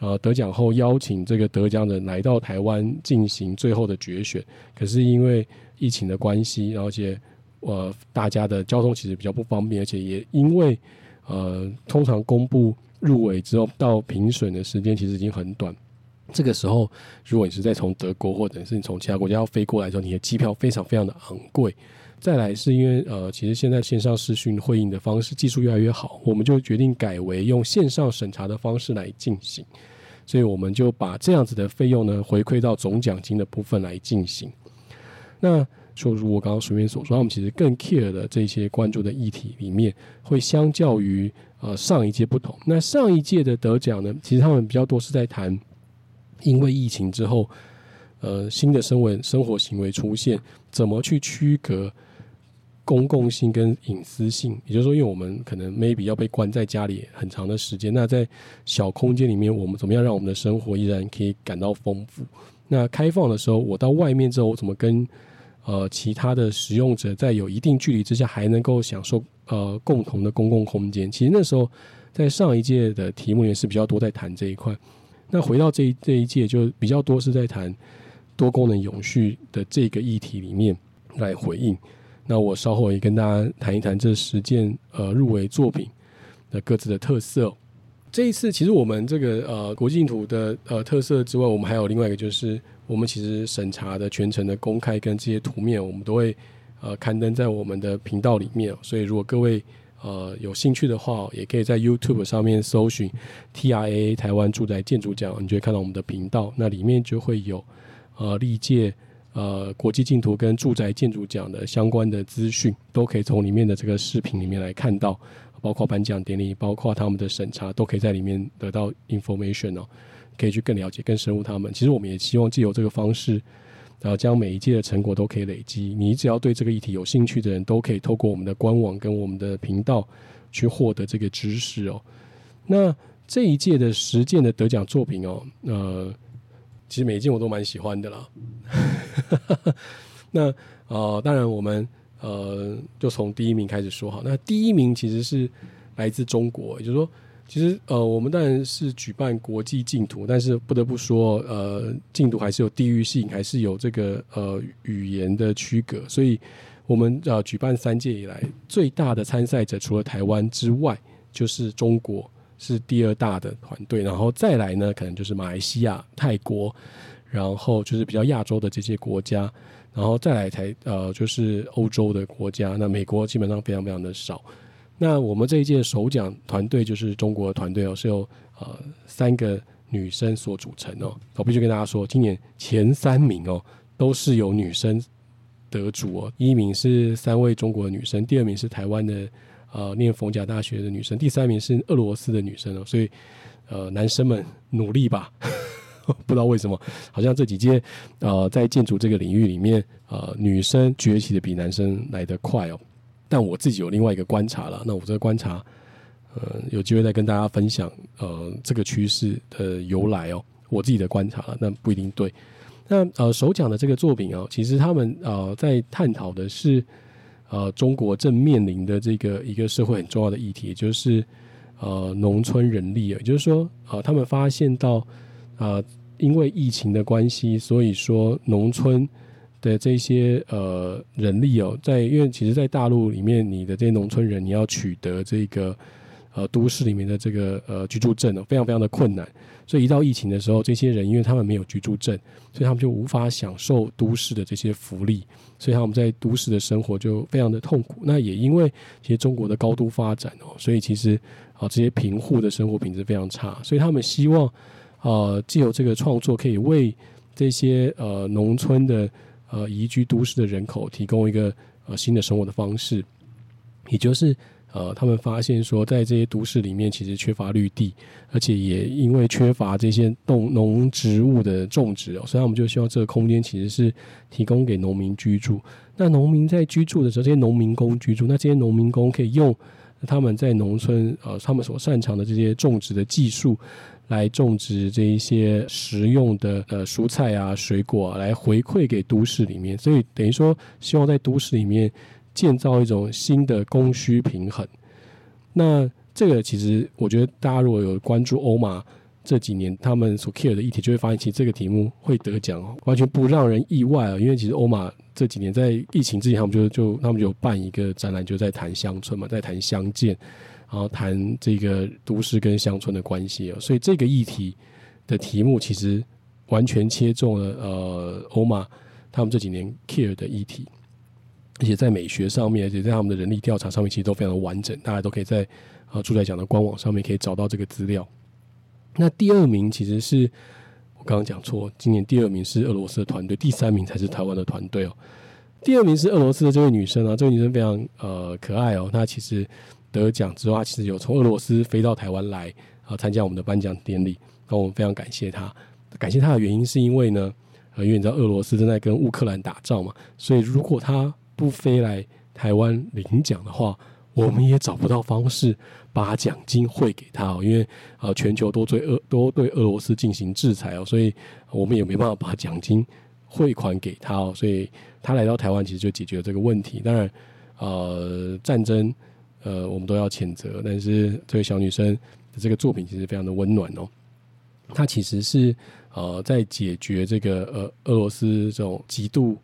呃得獎後邀請這個得獎人來到台灣進行最後的決選，可是因為疫情的關係，而且呃大家的交通其實比較不方便，而且也因為。呃，通常公布入圍之後到評審的時間其實已經很短，這個時候如果你是在從德國或者是你從其他國家要飛過來的時候，你的機票非常非常的昂貴。再來是因為呃，其實現在線上視訊會議的方式技術越來越好，我們就決定改為用線上審查的方式來進行，所以我們就把這樣子的費用呢回饋到總獎金的部分來進行。那就如我剛剛隨便所說，他們其實更 care 的這些關注的議題裡面，會相較於呃上一屆不同。那上一屆的得獎呢，其實他們比較多是在談，因為疫情之後，呃新的生活生活行為出現，怎麼去區隔公共性跟隱私性。也就是說，因為我們可能 maybe 要被關在家裡很長的時間，那在小空間裡面，我們怎麼樣讓我們的生活依然可以感到豐富？那開放的時候，我到外面之後，我怎麼跟？呃，其他的使用者在有一定距離之下，還能夠享受呃共同的公共空間。其實那時候在上一屆的題目也是比較多在談這一塊。那回到這一這一屆，就比較多是在談多功能永續的這個議題裡面來回應。那我稍後也跟大家談一談這十件呃入圍作品的各自的特色。這一次，其實我們這個呃國際競圖的呃特色之外，我們還有另外一個就是。我們其實審查的全程的公開跟這些圖面，我們都會呃刊登在我們的頻道裡面。所以如果各位呃有興趣的話，也可以在 YouTube 上面搜尋 TRAA 台灣住宅建築獎，你就會看到我們的頻道。那裡面就會有呃歷屆呃國際競圖跟住宅建築獎的相關的資訊，都可以從裡面的這個視頻裡面來看到，包括頒獎典禮，包括他們的審查，都可以在裡面得到 information 哦。可以去更了解、更深入他們。其實我們也希望借由這個方式，然後將每一屆的成果都可以累積。你只要對這個議題有興趣的人，都可以透過我們的官網跟我們的頻道去獲得這個知識哦。那這一屆的十件的得獎作品哦，呃，其實每一件我都蠻喜歡的啦。 那呃，當然我們呃，就從第一名開始說好。那第一名其實是來自中國，也就是說。其實呃，我們當然是舉辦國際競圖，但是不得不說，呃，競圖還是有地域性，還是有這個呃語言的區隔。所以，我們呃舉辦三屆以來，最大的參賽者除了台灣之外，就是中國是第二大的團隊，然後再來呢，可能就是馬來西亞、泰國，然後就是比較亞洲的這些國家，然後再來才呃就是歐洲的國家。那美國基本上非常非常的少。那我們這一屆首獎團隊就是中國團隊哦，是由呃三個女生所組成哦。我必須跟大家說，今年前三名哦都是由女生得主哦。一名是三位中國的女生，第二名是台灣的呃念逢甲大學的女生，第三名是俄羅斯的女生哦。所以呃男生們努力吧， 不知道為什麼好像這幾屆呃在建築這個領域裡面呃女生崛起的比男生來得快哦。但我自己有另外一個觀察了，那我這個觀察，呃，有機會再跟大家分享，呃，這個趨勢的由來喔，我自己的觀察了，那不一定對。那呃，首獎的這個作品喔，其實他們呃在探討的是呃中國正面臨的這個一個社會很重要的議題，就是呃農村人力喔，也就是說呃他們發現到呃因為疫情的關係，所以說農村。的這些呃人力哦，在因為其實，在大陸裡面，你的這些農村人，你要取得這個呃都市裡面的這個呃居住證哦，非常非常的困難。所以一到疫情的時候，這些人因為他們沒有居住證，所以他們就無法享受都市的這些福利，所以他們在都市的生活就非常的痛苦。那也因為其實中國的高度發展哦，所以其實啊，呃，這些貧戶的生活品質非常差，所以他們希望啊，呃，藉由這個創作可以為這些呃農村的。呃，移居都市的人口提供一個呃新的生活的方式，也就是呃，他們發現說，在這些都市裡面其實缺乏綠地，而且也因為缺乏這些動農植物的種植哦，所以我們就希望這個空間其實是提供給農民居住。那農民在居住的時候，這些農民工居住，那這些農民工可以用他們在農村呃他們所擅長的這些種植的技術。來種植這一些食用的呃蔬菜啊、水果啊，來回饋給都市裡面，所以等於說希望在都市裡面建造一種新的供需平衡。那這個其實我覺得大家如果有關注歐馬這幾年他們所 care 的議題，就會發現其實這個題目會得獎哦，完全不讓人意外啊、哦。因為其實歐馬這幾年在疫情之前，他們就就他們就辦一個展覽，就在談鄉村嘛，在談鄉間然後談這個都市跟鄉村的關係哦，所以這個議題的題目其實完全切中了呃歐瑪他們這幾年 care 的議題，而且在美學上面，而且在他們的人力調查上面，其實都非常的完整，大家都可以在啊住宅獎的官網上面可以找到這個資料。那第二名其實是我剛剛講錯，今年第二名是俄羅斯的團隊，第三名才是台灣的團隊哦。第二名是俄羅斯的這位女生啊，這位女生非常呃可愛哦，她其實。得獎之後，他其實有從俄羅斯飛到台灣來啊、呃，參加我們的頒獎典禮。那我們非常感謝他，感謝他的原因是因為呢，呃，因為你知道俄羅斯正在跟烏克蘭打仗嘛，所以如果他不飛來台灣領獎的話，我們也找不到方式把獎金匯給他哦。因為呃，全球都對俄都對俄羅斯進行制裁哦，所以我們也沒辦法把獎金匯款給他哦。所以他來到台灣，其實就解決了這個問題。當然，呃，戰爭。呃，我們都要譴責，但是這位小女生的這個作品其實非常的溫暖哦。她其實是呃，在解決這個呃俄羅斯這種極度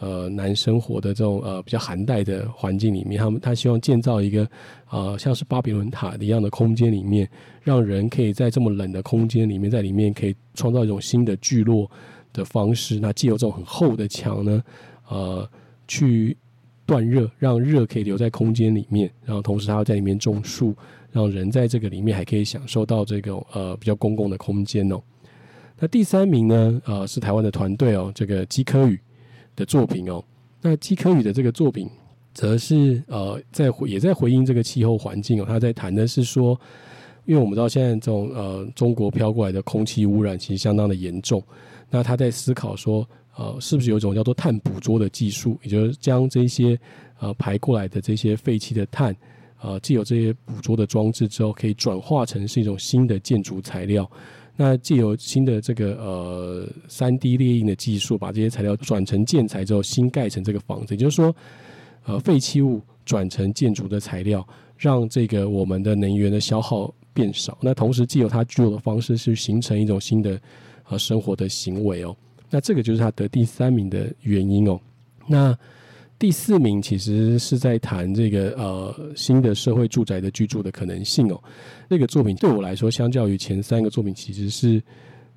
呃難生活的這種呃比較寒帶的環境裡面，他們他希望建造一個呃像是巴比倫塔一樣的空間裡面，讓人可以在這麼冷的空間裡面，在裡面可以創造一種新的聚落的方式。那借由這種很厚的牆呢，呃，去。斷熱，讓熱可以留在空間裡面，然後同時它要在裡面種樹，讓人在這個裡面還可以享受到這種呃比較公共的空間哦。那第三名呢，呃是台灣的團隊哦，這個基科宇的作品哦。那基科宇的這個作品，則是呃在也在回應這個氣候環境哦。他在談的是說，因為我們知道現在這種呃中國飄過來的空氣污染其實相當的嚴重，那他在思考說，呃，是不是有一種叫做碳捕捉的技術？也就是將這些呃排過來的這些廢棄的碳，呃，藉由這些捕捉的裝置之後，可以轉化成是一種新的建築材料。那藉由新的這個呃 3D 列印的技術，把這些材料轉成建材之後，新蓋成這個房子。也就是說，呃，廢棄物轉成建築的材料，讓這個我們的能源的消耗變少。那同時，藉由它具有的方式，是形成一種新的呃生活的行為哦。那這個就是他得第三名的原因哦、喔。那第四名其實是在談這個呃新的社會住宅的居住的可能性哦、喔。那、這個作品對我來說，相較於前三個作品，其實是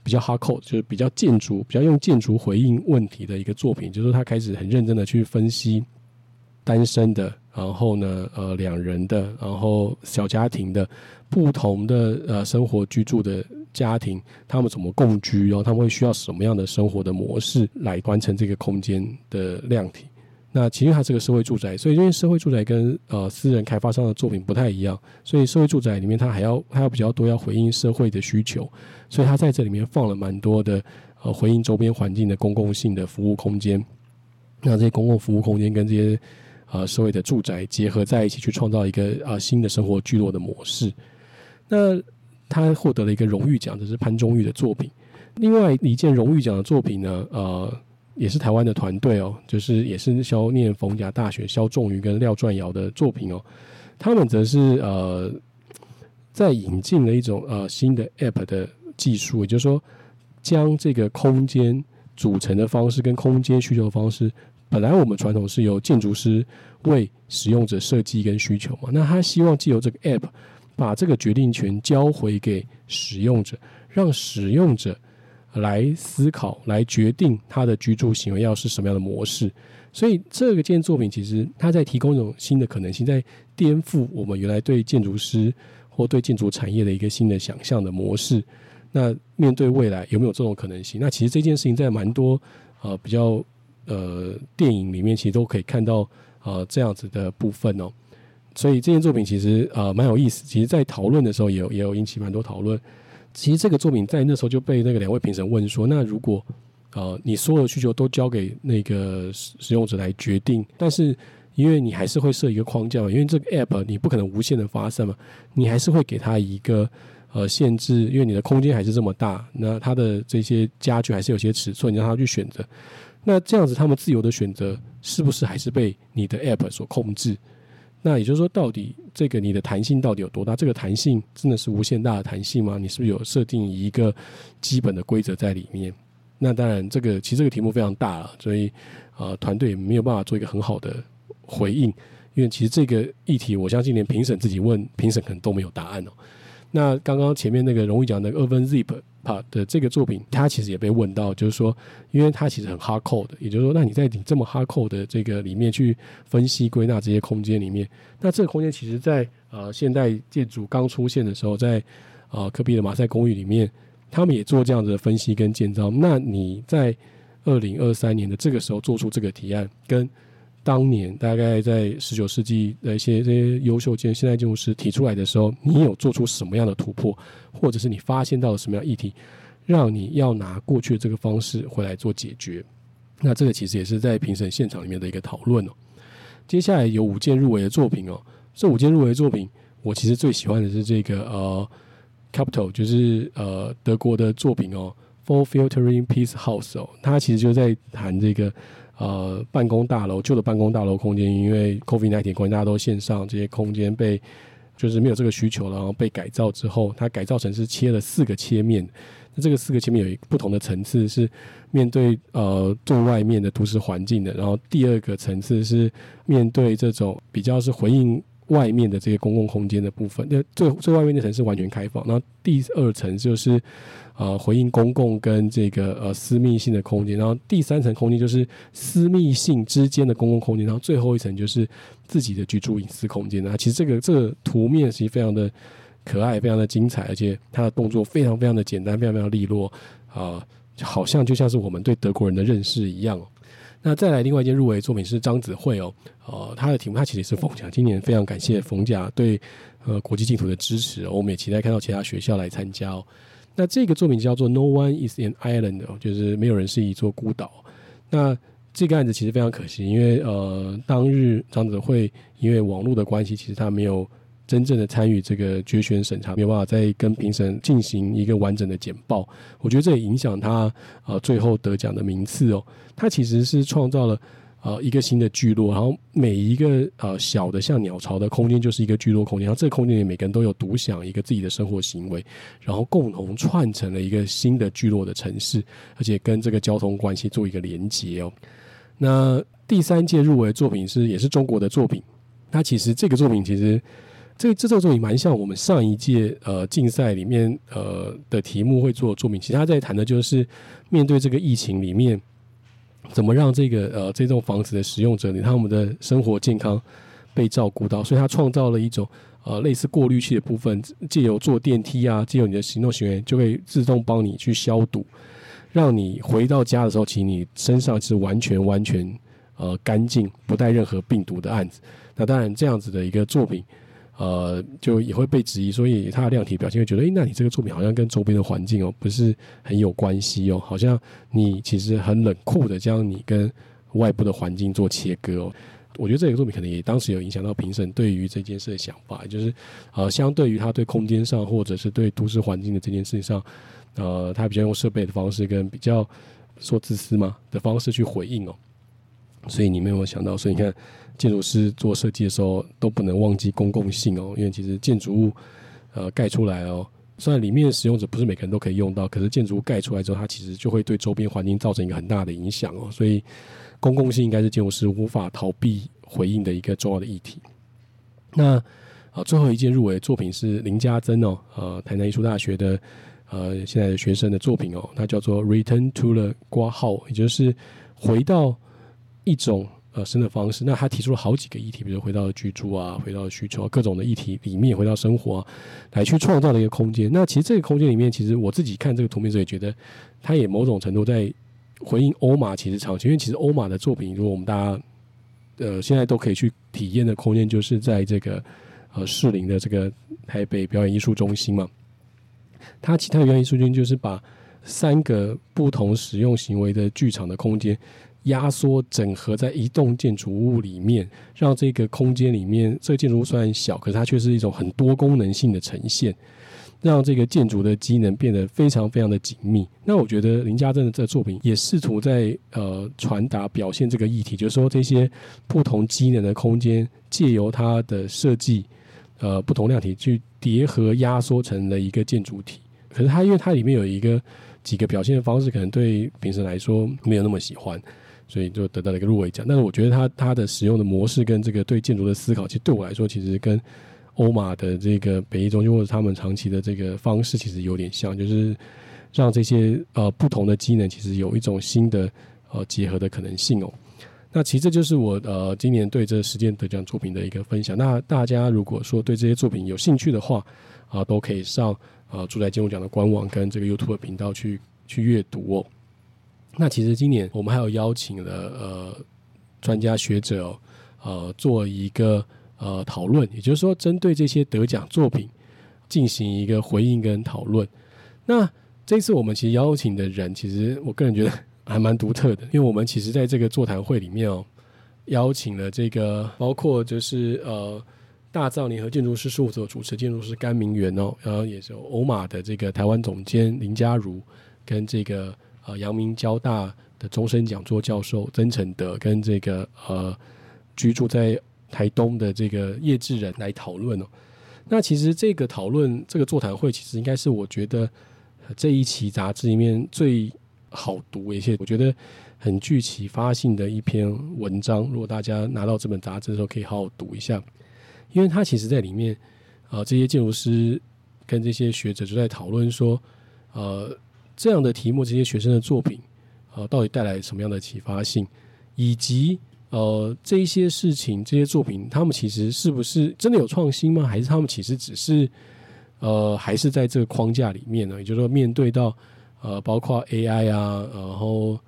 比較 hard c o d e 就是比較建築，比較用建築回應問題的一個作品。就是他開始很認真的去分析單身的，然後呢呃兩人的，然後小家庭的不同的呃生活居住的。家庭他們怎麼共居，然後他們會需要什麼樣的生活的模式來完成這個空間的量體。那其實它是個社會住宅，所以因為社會住宅跟呃私人開發商的作品不太一樣，所以社會住宅裡面它還要他還要比較多要回應社會的需求，所以它在這裡面放了蠻多的呃回應周邊環境的公共性的服務空間。那這些公共服務空間跟這些呃社會的住宅結合在一起，去創造一個呃新的生活聚落的模式。那他獲得了一個榮譽獎，就是潘忠玉的作品。另外一件榮譽獎的作品呢，呃，也是台灣的團隊哦，就是也是蕭念逢甲大學肖仲瑜跟廖傳堯的作品哦。他們則是呃，在引進了一種呃新的 APP 的技術，也就是說，將這個空間組成的方式跟空間需求的方式，本來我們傳統是由建築師為使用者設計跟需求嘛，那他希望借由這個 APP。把這個決定權交回給使用者，讓使用者來思考、來決定他的居住行為要是什麼樣的模式。所以，這個件作品其實它在提供一種新的可能性，在顛覆我們原來對建築師或對建築產業的一個新的想象的模式。那面對未來有沒有這種可能性？那其實這件事情在蠻多呃比較呃電影裡面，其實都可以看到呃這樣子的部分哦。所以這件作品其實呃蠻有意思，其實在討論的時候也有也有引起蠻多討論。其實這個作品在那時候就被那個兩位評審問說：那如果呃你所有的需求都交給那個使用者來決定，但是因為你還是會設一個框架，因為這個 app 你不可能無限的發散嘛，你還是會給他一個呃限制，因為你的空間還是這麼大，那它的這些家具還是有些尺寸，你讓他去選擇。那這樣子他們自由的選擇是不是還是被你的 app 所控制？那也就是說，到底這個你的彈性到底有多大？這個彈性真的是無限大的彈性嗎？你是不是有設定一個基本的規則在裡面？那當然，這個其實這個題目非常大了，所以啊，呃、團隊沒有辦法做一個很好的回應。因為其實這個議題，我相信連評審自己問評審可能都沒有答案哦、喔。那剛剛前面那個榮譽講的二分 zip。好的這個作品，它其實也被問到，就是說，因為它其實很 hard core 的，也就是說，那你在你這麼 hard core 的這個裡面去分析歸納這些空間裡面，那這個空間其實在呃現代建築剛出現的時候，在啊科比的馬賽公寓裡面，他們也做這樣子的分析跟建造。那你在二零二三年的這個時候做出這個提案，跟當年大概在十九世紀的一些這些優秀建現代建築師提出來的時候，你有做出什麼樣的突破，或者是你發現到了什麼樣的議題，讓你要拿過去的這個方式回來做解決？那這個其實也是在評審現場裡面的一個討論哦。接下來有五件入圍的作品哦，這五件入圍的作品，我其實最喜歡的是這個呃，Capital 就是呃德國的作品哦，For Filtering Peace House 哦，它其實就在談這個。呃，辦公大樓，舊的辦公大樓空間，因為 COVID-19 關係，19, 大家都線上，這些空間被就是沒有這個需求了，然後被改造之後，它改造成是切了四個切面。那這個四個切面有一個不同的層次，是面對呃最外面的都市環境的，然後第二個層次是面對這種比較是回應，外面的這些公共空間的部分，那最最外面那層是完全開放，然後第二層就是，呃，回應公共跟這個呃私密性的空間，然後第三層空間就是私密性之間的公共空間，然後最後一層就是自己的居住隱私空間，那其實這個這個圖面其實非常的可愛，非常的精彩，而且它的動作非常非常的簡單，非常非常利落啊，呃，好像就像是我們對德國人的認識一樣哦。那再來另外一件入圍作品是張子慧哦，呃，他的題目，他其實是逢甲，今年非常感謝逢甲對呃國際競圖的支持，哦，我們也期待看到其他學校來參加哦。那這個作品叫做 “No one is an island” 哦，就是沒有人是一座孤島。那這個案子其實非常可惜，因為呃，當日張子慧因為網絡的關係，其實他沒有。真正的參與這個決選審查，沒有辦法再跟評審進行一個完整的簡報，我覺得這也影響他呃最後得獎的名次哦。他其實是創造了呃一個新的聚落，然後每一個呃小的像鳥巢的空間就是一個聚落空間，然後這個空間裡每個人都有獨享一個自己的生活行為，然後共同串成了一個新的聚落的城市，而且跟這個交通關係做一個連接哦。那第三屆入圍作品是也是中國的作品，他其實這個作品其實。這這種作作也蠻像我們上一屆呃競賽裡面呃的題目會做的作品，其實他在談的就是面對這個疫情裡面，怎麼讓這個呃這棟房子的使用者，你看我們的生活健康被照顧到，所以他創造了一種呃類似過濾器的部分，借由坐電梯啊，借由你的行動行為，就會自動幫你去消毒，讓你回到家的時候，請你身上是完全完全呃乾淨，不帶任何病毒的案子。那當然這樣子的一個作品，呃，就也會被質疑，所以他的量體表現會覺得，哎，那你這個作品好像跟周邊的環境哦，不是很有關係哦，好像你其實很冷酷的將你跟外部的環境做切割哦。我覺得這個作品可能也當時有影響到評審對於這件事的想法，就是呃，相對於他對空間上或者是對都市環境的這件事情上，呃，他比較用設備的方式跟比較說自私嗎的方式去回應哦。所以你沒有想到，所以你看建築師做設計的時候都不能忘記公共性哦，因為其實建築物呃蓋出來哦，雖然裡面的使用者不是每個人都可以用到，可是建築物蓋出來之後，它其實就會對周邊環境造成一個很大的影響哦。所以公共性應該是建築師無法逃避回應的一個重要的議題。那啊，最後一件入圍作品是林家珍哦，呃，台南藝術大學的呃現在的學生的作品哦，它叫做《Return to the 括號》，也就是回到。一種呃生的方式，那他提出了好幾個議題，比如回到居住啊，回到需求啊，各種的議題裡面回到生活啊，來去創造的一個空間。那其實這個空間裡面，其實我自己看這個圖片的時候也覺得，他也某種程度在回應歐馬其實長期，因為其實歐馬的作品，如果我們大家呃現在都可以去體驗的空間，就是在這個呃士林的這個台北表演藝術中心嘛。他其他表演藝術中心就是把三個不同使用行為的劇場的空間。壓縮整合在一棟建築物裡面，讓這個空間裡面，這個、建築物雖然小，可是它卻是一種很多功能性的呈現，讓這個建築的機能變得非常非常的緊密。那我覺得林家鎮的這作品也試圖在呃傳達表現這個議題，就是說這些不同機能的空間借由它的設計呃不同量體去疊合壓縮成了一個建築體。可是它因為它裡面有一個幾個表現的方式，可能對平時來說沒有那麼喜歡。所以就得到了一個入圍獎，但是我覺得他他的使用的模式跟這個對建築的思考，其實對我來說，其實跟歐馬的這個北藝中心或者他們長期的這個方式，其實有點像，就是讓這些呃不同的機能，其實有一種新的呃結合的可能性哦。那其實這就是我呃今年對這十件得獎作品的一個分享。那大家如果說對這些作品有興趣的話啊、呃，都可以上呃住宅建築獎的官網跟這個 YouTube 頻道去去閱讀哦。那其實今年我們還有邀請了呃專家學者、哦、呃做一個呃討論，也就是說針對這些得獎作品進行一個回應跟討論。那這次我們其實邀請的人，其實我個人覺得還蠻獨特的，因為我們其實在這個座談會裡面哦，邀請了這個包括就是呃大藏聯合建築師事務所主持建築師甘明元哦，然後也是歐瑪的這個台灣總監林嘉如跟這個。呃，陽明交大的終身講座教授曾成德跟這個呃居住在台東的這個葉志仁來討論哦。那其實這個討論這個座談會，其實應該是我覺得這一期雜誌裡面最好讀一些，我覺得很具啟發性的一篇文章。如果大家拿到這本雜誌的時候，可以好好讀一下，因為它其實在裡面，呃，這些建築師跟這些學者就在討論說，呃。這樣的題目，這些學生的作品呃到底帶來什麼樣的啟發性？以及呃，這些事情，這些作品，他們其實是不是真的有創新嗎？還是他們其實只是呃，還是在這個框架裡面呢？也就是說，面對到呃，包括 AI 啊，然後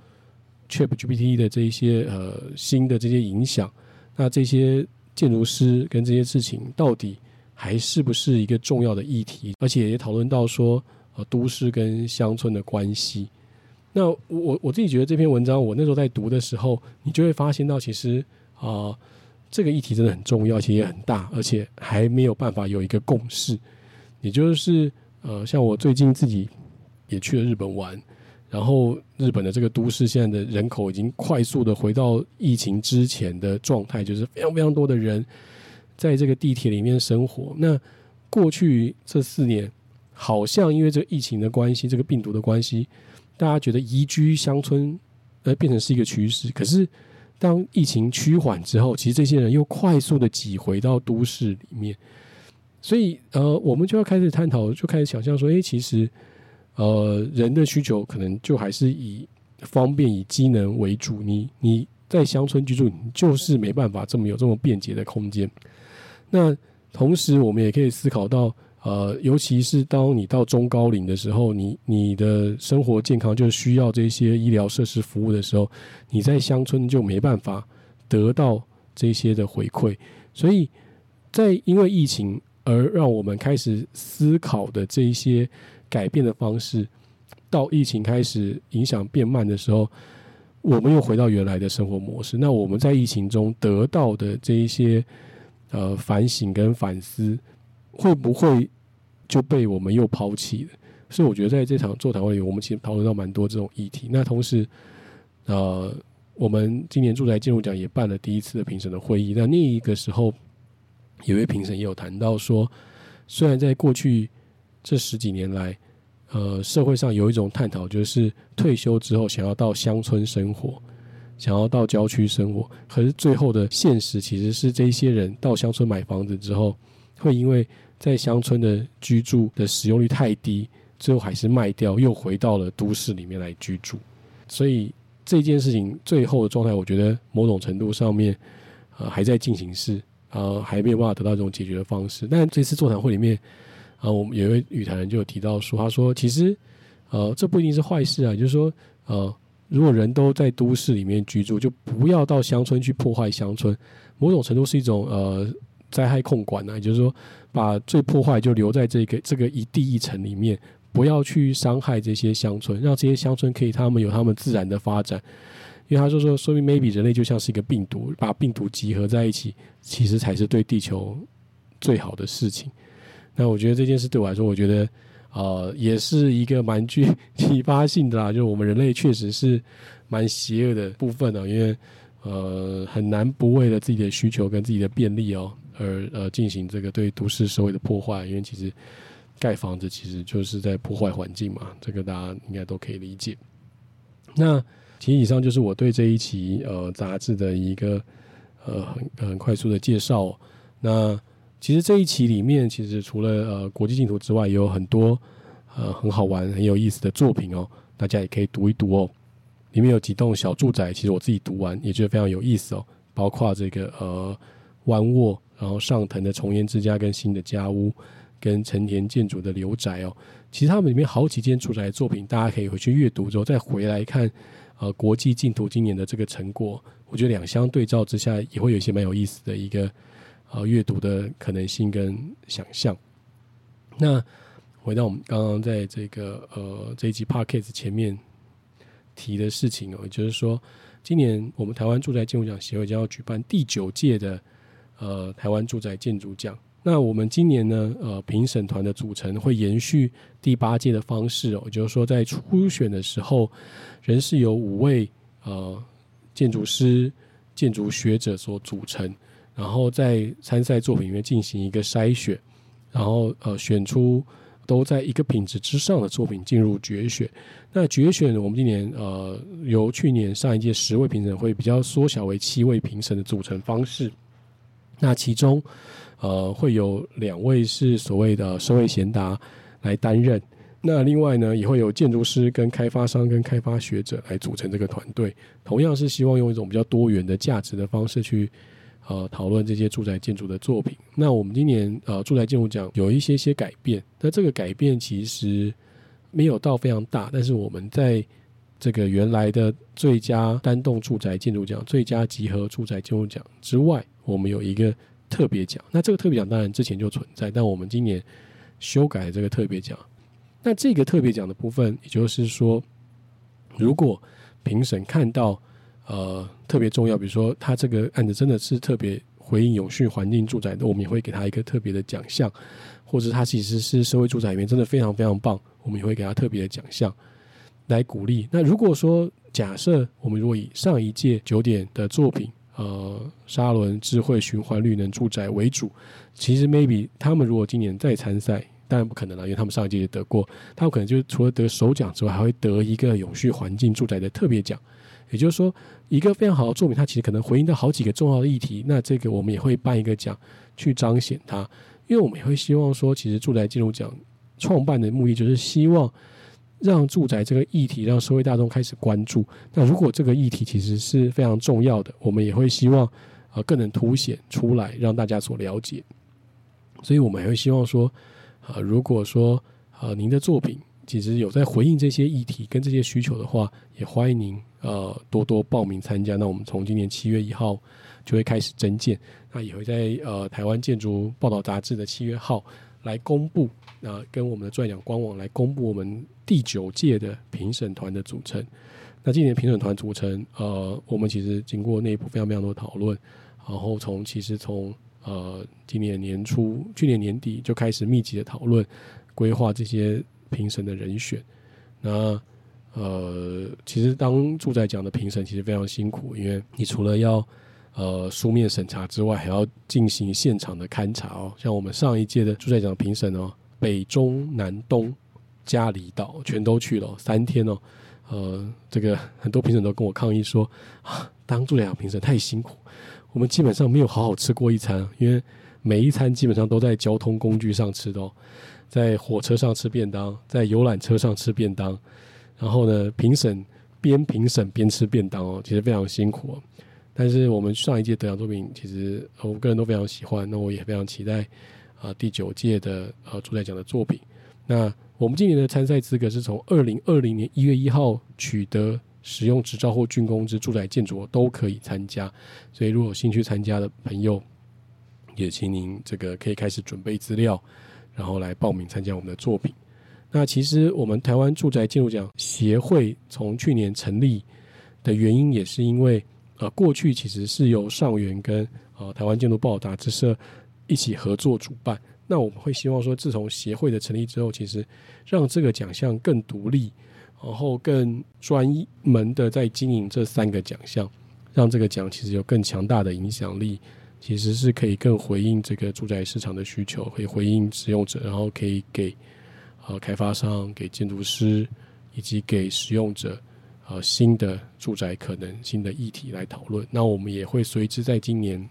ChatGPT 的這一些呃新的這些影響，那這些建築師跟這些事情，到底還是不是一個重要的議題？而且也討論到說。都市跟鄉村的關係，那我我我自己覺得這篇文章，我那時候在讀的時候，你就會發現到，其實啊、呃，這個議題真的很重要，其實也很大，而且還沒有辦法有一個共識。也就是呃，像我最近自己也去了日本玩，然後日本的這個都市現在的人口已經快速的回到疫情之前的狀態，就是非常非常多的人在這個地鐵裡面生活。那過去這四年。好像因為這個疫情的關係，這個病毒的關係，大家覺得移居鄉村呃變成是一個趨勢。可是當疫情趨緩之後，其實這些人又快速的擠回到都市裡面。所以呃，我們就要開始探討，就開始想象說，哎、欸，其實呃人的需求可能就還是以方便、以機能為主。你你在鄉村居住，你就是沒辦法這麼有這麼便捷的空間。那同時，我們也可以思考到。呃，尤其是當你到中高齡的時候，你你的生活健康就需要這些醫療設施服務的時候，你在鄉村就沒辦法得到這些的回饋。所以在因為疫情而讓我們開始思考的這一些改變的方式，到疫情開始影響變慢的時候，我們又回到原來的生活模式。那我們在疫情中得到的這一些呃反省跟反思，會不會就被我們又拋棄了？所以我覺得在這場座談會裡，我們其實討論到蠻多這種議題。那同時，呃，我們今年住宅建築獎也辦了第一次的評審的會議。那另一個時候，有位評審也有談到說，雖然在過去這十幾年來，呃，社會上有一種探討，就是退休之後想要到鄉村生活，想要到郊區生活，可是最後的現實其實是這些人到鄉村買房子之後，會因為在鄉村的居住的使用率太低，最後還是賣掉，又回到了都市裡面來居住。所以這件事情最後的狀態，我覺得某種程度上面呃，還在進行式呃，還沒有辦法得到這種解決的方式。但這次座談會裡面啊、呃，我們有一位與談人就有提到說，他說其實呃這不一定是壞事啊，就是說呃如果人都在都市裡面居住，就不要到鄉村去破壞鄉村，某種程度是一種呃災害控管呢、啊，就是說。把最破壞就留在這個這個一地一城裡面，不要去傷害這些鄉村，讓這些鄉村可以他們有他們自然的發展。因為他說說，說明 maybe 人類就像是一個病毒，把病毒集合在一起，其實才是對地球最好的事情。那我覺得這件事對我來說，我覺得呃，也是一個蠻具啟發性的啦。就是我們人類確實是蠻邪惡的部分哦，因為呃很難不為了自己的需求跟自己的便利哦。而呃，進行這個對都市社會的破壞，因為其實蓋房子其實就是在破壞環境嘛，這個大家應該都可以理解。那其實以上就是我對這一期呃雜誌的一個呃很很快速的介紹哦。那其實這一期裡面，其實除了呃國際競圖之外，也有很多呃很好玩、很有意思的作品哦，大家也可以讀一讀哦。裡面有幾棟小住宅，其實我自己讀完也覺得非常有意思哦，包括這個呃彎臥。然後上騰的重煙之家跟新的家屋，跟成田建築的留宅哦，其實他們裡面好幾件住宅作品，大家可以回去閱讀之後再回來看，呃，國際競圖今年的這個成果，我覺得兩相對照之下，也會有一些蠻有意思的一個呃閱讀的可能性跟想象。那回到我們剛剛在這個呃這一集 podcast 前面提的事情哦，也就是說，今年我們台灣住宅建築獎協會將要舉辦第九屆的。呃，台灣住宅建築獎，那我們今年呢，呃，評審團的組成會延續第八屆的方式哦，也就是說，在初選的時候，仍是由五位呃建築師、建築學者所組成，然後在參賽作品裡面進行一個篩選，然後呃選出都在一個品質之上的作品進入決選。那決選我們今年呃由去年上一屆十位評審會比較縮小為七位評審的組成方式。那其中，呃，會有兩位是所謂的社會賢達來擔任。那另外呢，也會有建築師、跟開發商、跟開發學者來組成這個團隊。同樣是希望用一種比較多元的價值的方式去，呃，討論這些住宅建築的作品。那我們今年，呃，住宅建築獎有一些些改變。那這個改變其實沒有到非常大，但是我們在這個原來的最佳單棟住宅建築獎、最佳集合住宅建築獎之外。我們有一個特別獎，那這個特別獎當然之前就存在，但我們今年修改這個特別獎。那這個特別獎的部分，也就是說，如果評審看到呃特別重要，比如說他這個案子真的是特別回應永續環境住宅的，我們也會給他一個特別的獎項；或者是他其實是社會住宅裡面真的非常非常棒，我們也會給他特別的獎項來鼓勵。那如果說，假設我們如果以上一屆九點的作品。呃，沙倫智慧循環綠能住宅為主，其實 maybe 他們如果今年再參賽，當然不可能了，因為他們上一屆也得過，他有可能就除了得首獎之外，還會得一個永續環境住宅的特別獎，也就是說，一個非常好的作品，它其實可能回應到好幾個重要的議題，那這個我們也會辦一個獎去彰顯它，因為我們也會希望說，其實住宅建築獎創辦的目的就是希望。讓住宅這個議題，讓社會大眾開始關注。那如果這個議題其實是非常重要的，我們也會希望啊、呃、更能凸顯出來，讓大家所了解。所以我們還會希望說，啊、呃、如果說啊、呃、您的作品其實有在回應這些議題跟這些需求的話，也歡迎您呃多多報名參加。那我們從今年七月一號就會開始徵件，那也會在呃台灣建築報道雜誌的七月號。來公布啊、呃，跟我們的住宅獎官網來公布我們第九屆的評審團的組成。那今年評審團組成，呃，我們其實經過內部非常非常多討論，然後從其實從呃今年年初、去年年底就開始密集的討論，規劃這些評審的人選。那呃，其實當住宅獎的評審其實非常辛苦，因為你除了要呃，書面審查之外，還要進行現場的勘查哦。像我們上一屆的住宅獎評審哦，北、中、南、東、離島全都去了三天哦。呃，這個很多評審都跟我抗議說啊，當住宅獎評審太辛苦，我們基本上沒有好好吃過一餐，因為每一餐基本上都在交通工具上吃的哦，在火車上吃便當，在遊覽車上吃便當，然後呢，評審邊評審邊吃便當哦，其實非常辛苦哦。但是我們上一屆得獎作品，其實我個人都非常喜歡，那我也非常期待啊第九屆的呃、啊、住宅獎的作品。那我們今年的參賽資格是從二零二零年一月一號取得使用執照或竣工之住宅建築都可以參加，所以如果有興趣參加的朋友，也請您這個可以開始準備資料，然後來報名參加我們的作品。那其實我們台灣住宅建築獎協會從去年成立的原因，也是因為。呃，過去其實是由上元跟呃台灣建築報導雜誌社一起合作主辦。那我們會希望說，自從協會的成立之後，其實讓這個獎項更獨立，然後更專一門的在經營這三個獎項，讓這個獎其實有更強大的影響力，其實是可以更回應這個住宅市場的需求，可以回應使用者，然後可以給、呃、開發商、給建築師以及給使用者。呃，新的住宅可能新的議題來討論，那我們也會隨之在今年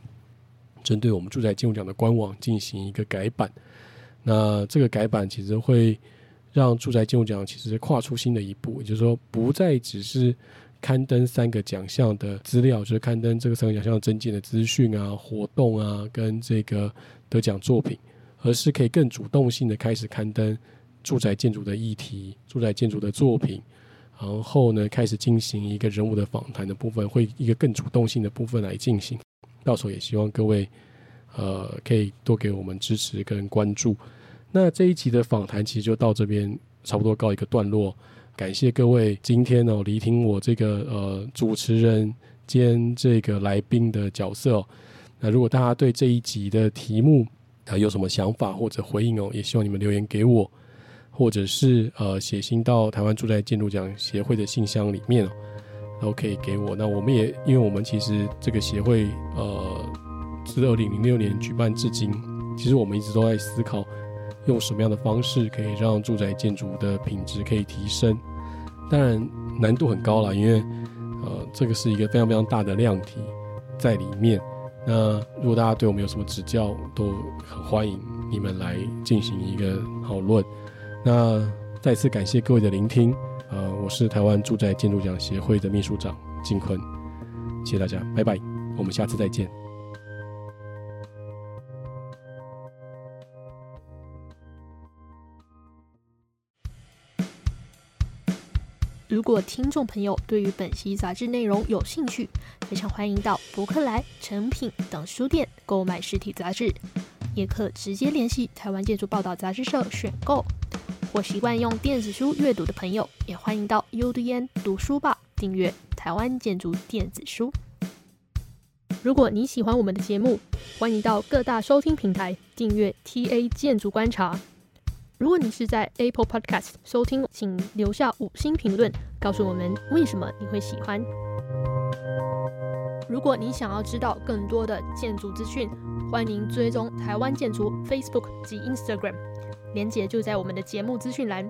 針對我們住宅建築獎的官網進行一個改版。那這個改版其實會讓住宅建築獎其實跨出新的一步，也就是說，不再只是刊登三個獎項的資料，就是刊登這個三個獎項的徵件的資訊啊、活動啊，跟這個得獎作品，而是可以更主動性的開始刊登住宅建築的議題、住宅建築的作品。然後呢，開始進行一個人物的訪談的部分，會一個更主動性的部分來進行。到時候也希望各位，呃，可以多給我們支持跟關注。那這一集的訪談其實就到這邊，差不多告一個段落。感謝各位今天哦，聆聽我這個呃主持人兼這個來賓的角色哦。那如果大家對這一集的題目啊，呃，有什麼想法或者回應哦，也希望你們留言給我。或者是呃寫信到台灣住宅建築獎協會的信箱裡面，然後可以給我。那我們也因為我們其實這個協會呃自二零零六年舉辦至今，其實我們一直都在思考用什麼樣的方式可以讓住宅建築的品質可以提升。當然難度很高啦，因為呃這個是一個非常非常大的量體在裡面。那如果大家對我們有什麼指教，都很歡迎你們來進行一個討論。那再次感謝各位的聆聽，呃，我是台灣住宅建築獎協會的秘書長進坤，謝謝大家，拜拜，我們下次再見。如果聽眾朋友對於本期雜誌內容有興趣，非常歡迎到博客來、誠品等書店購買實體雜誌，也可直接聯繫台灣建築報道雜誌社選購。或習慣用電子書閱讀的朋友，也歡迎到 UDN 讀書吧訂閱台灣建築電子書。如果你喜歡我們的節目，歡迎到各大收聽平台訂閱 TA 建築觀察。如果你是在 Apple Podcast 收聽，請留下五星評論，告訴我們為什麼你會喜歡。如果你想要知道更多的建築資訊，歡迎追蹤台灣建築 Facebook 及 Instagram。連結就在我們的節目資訊欄。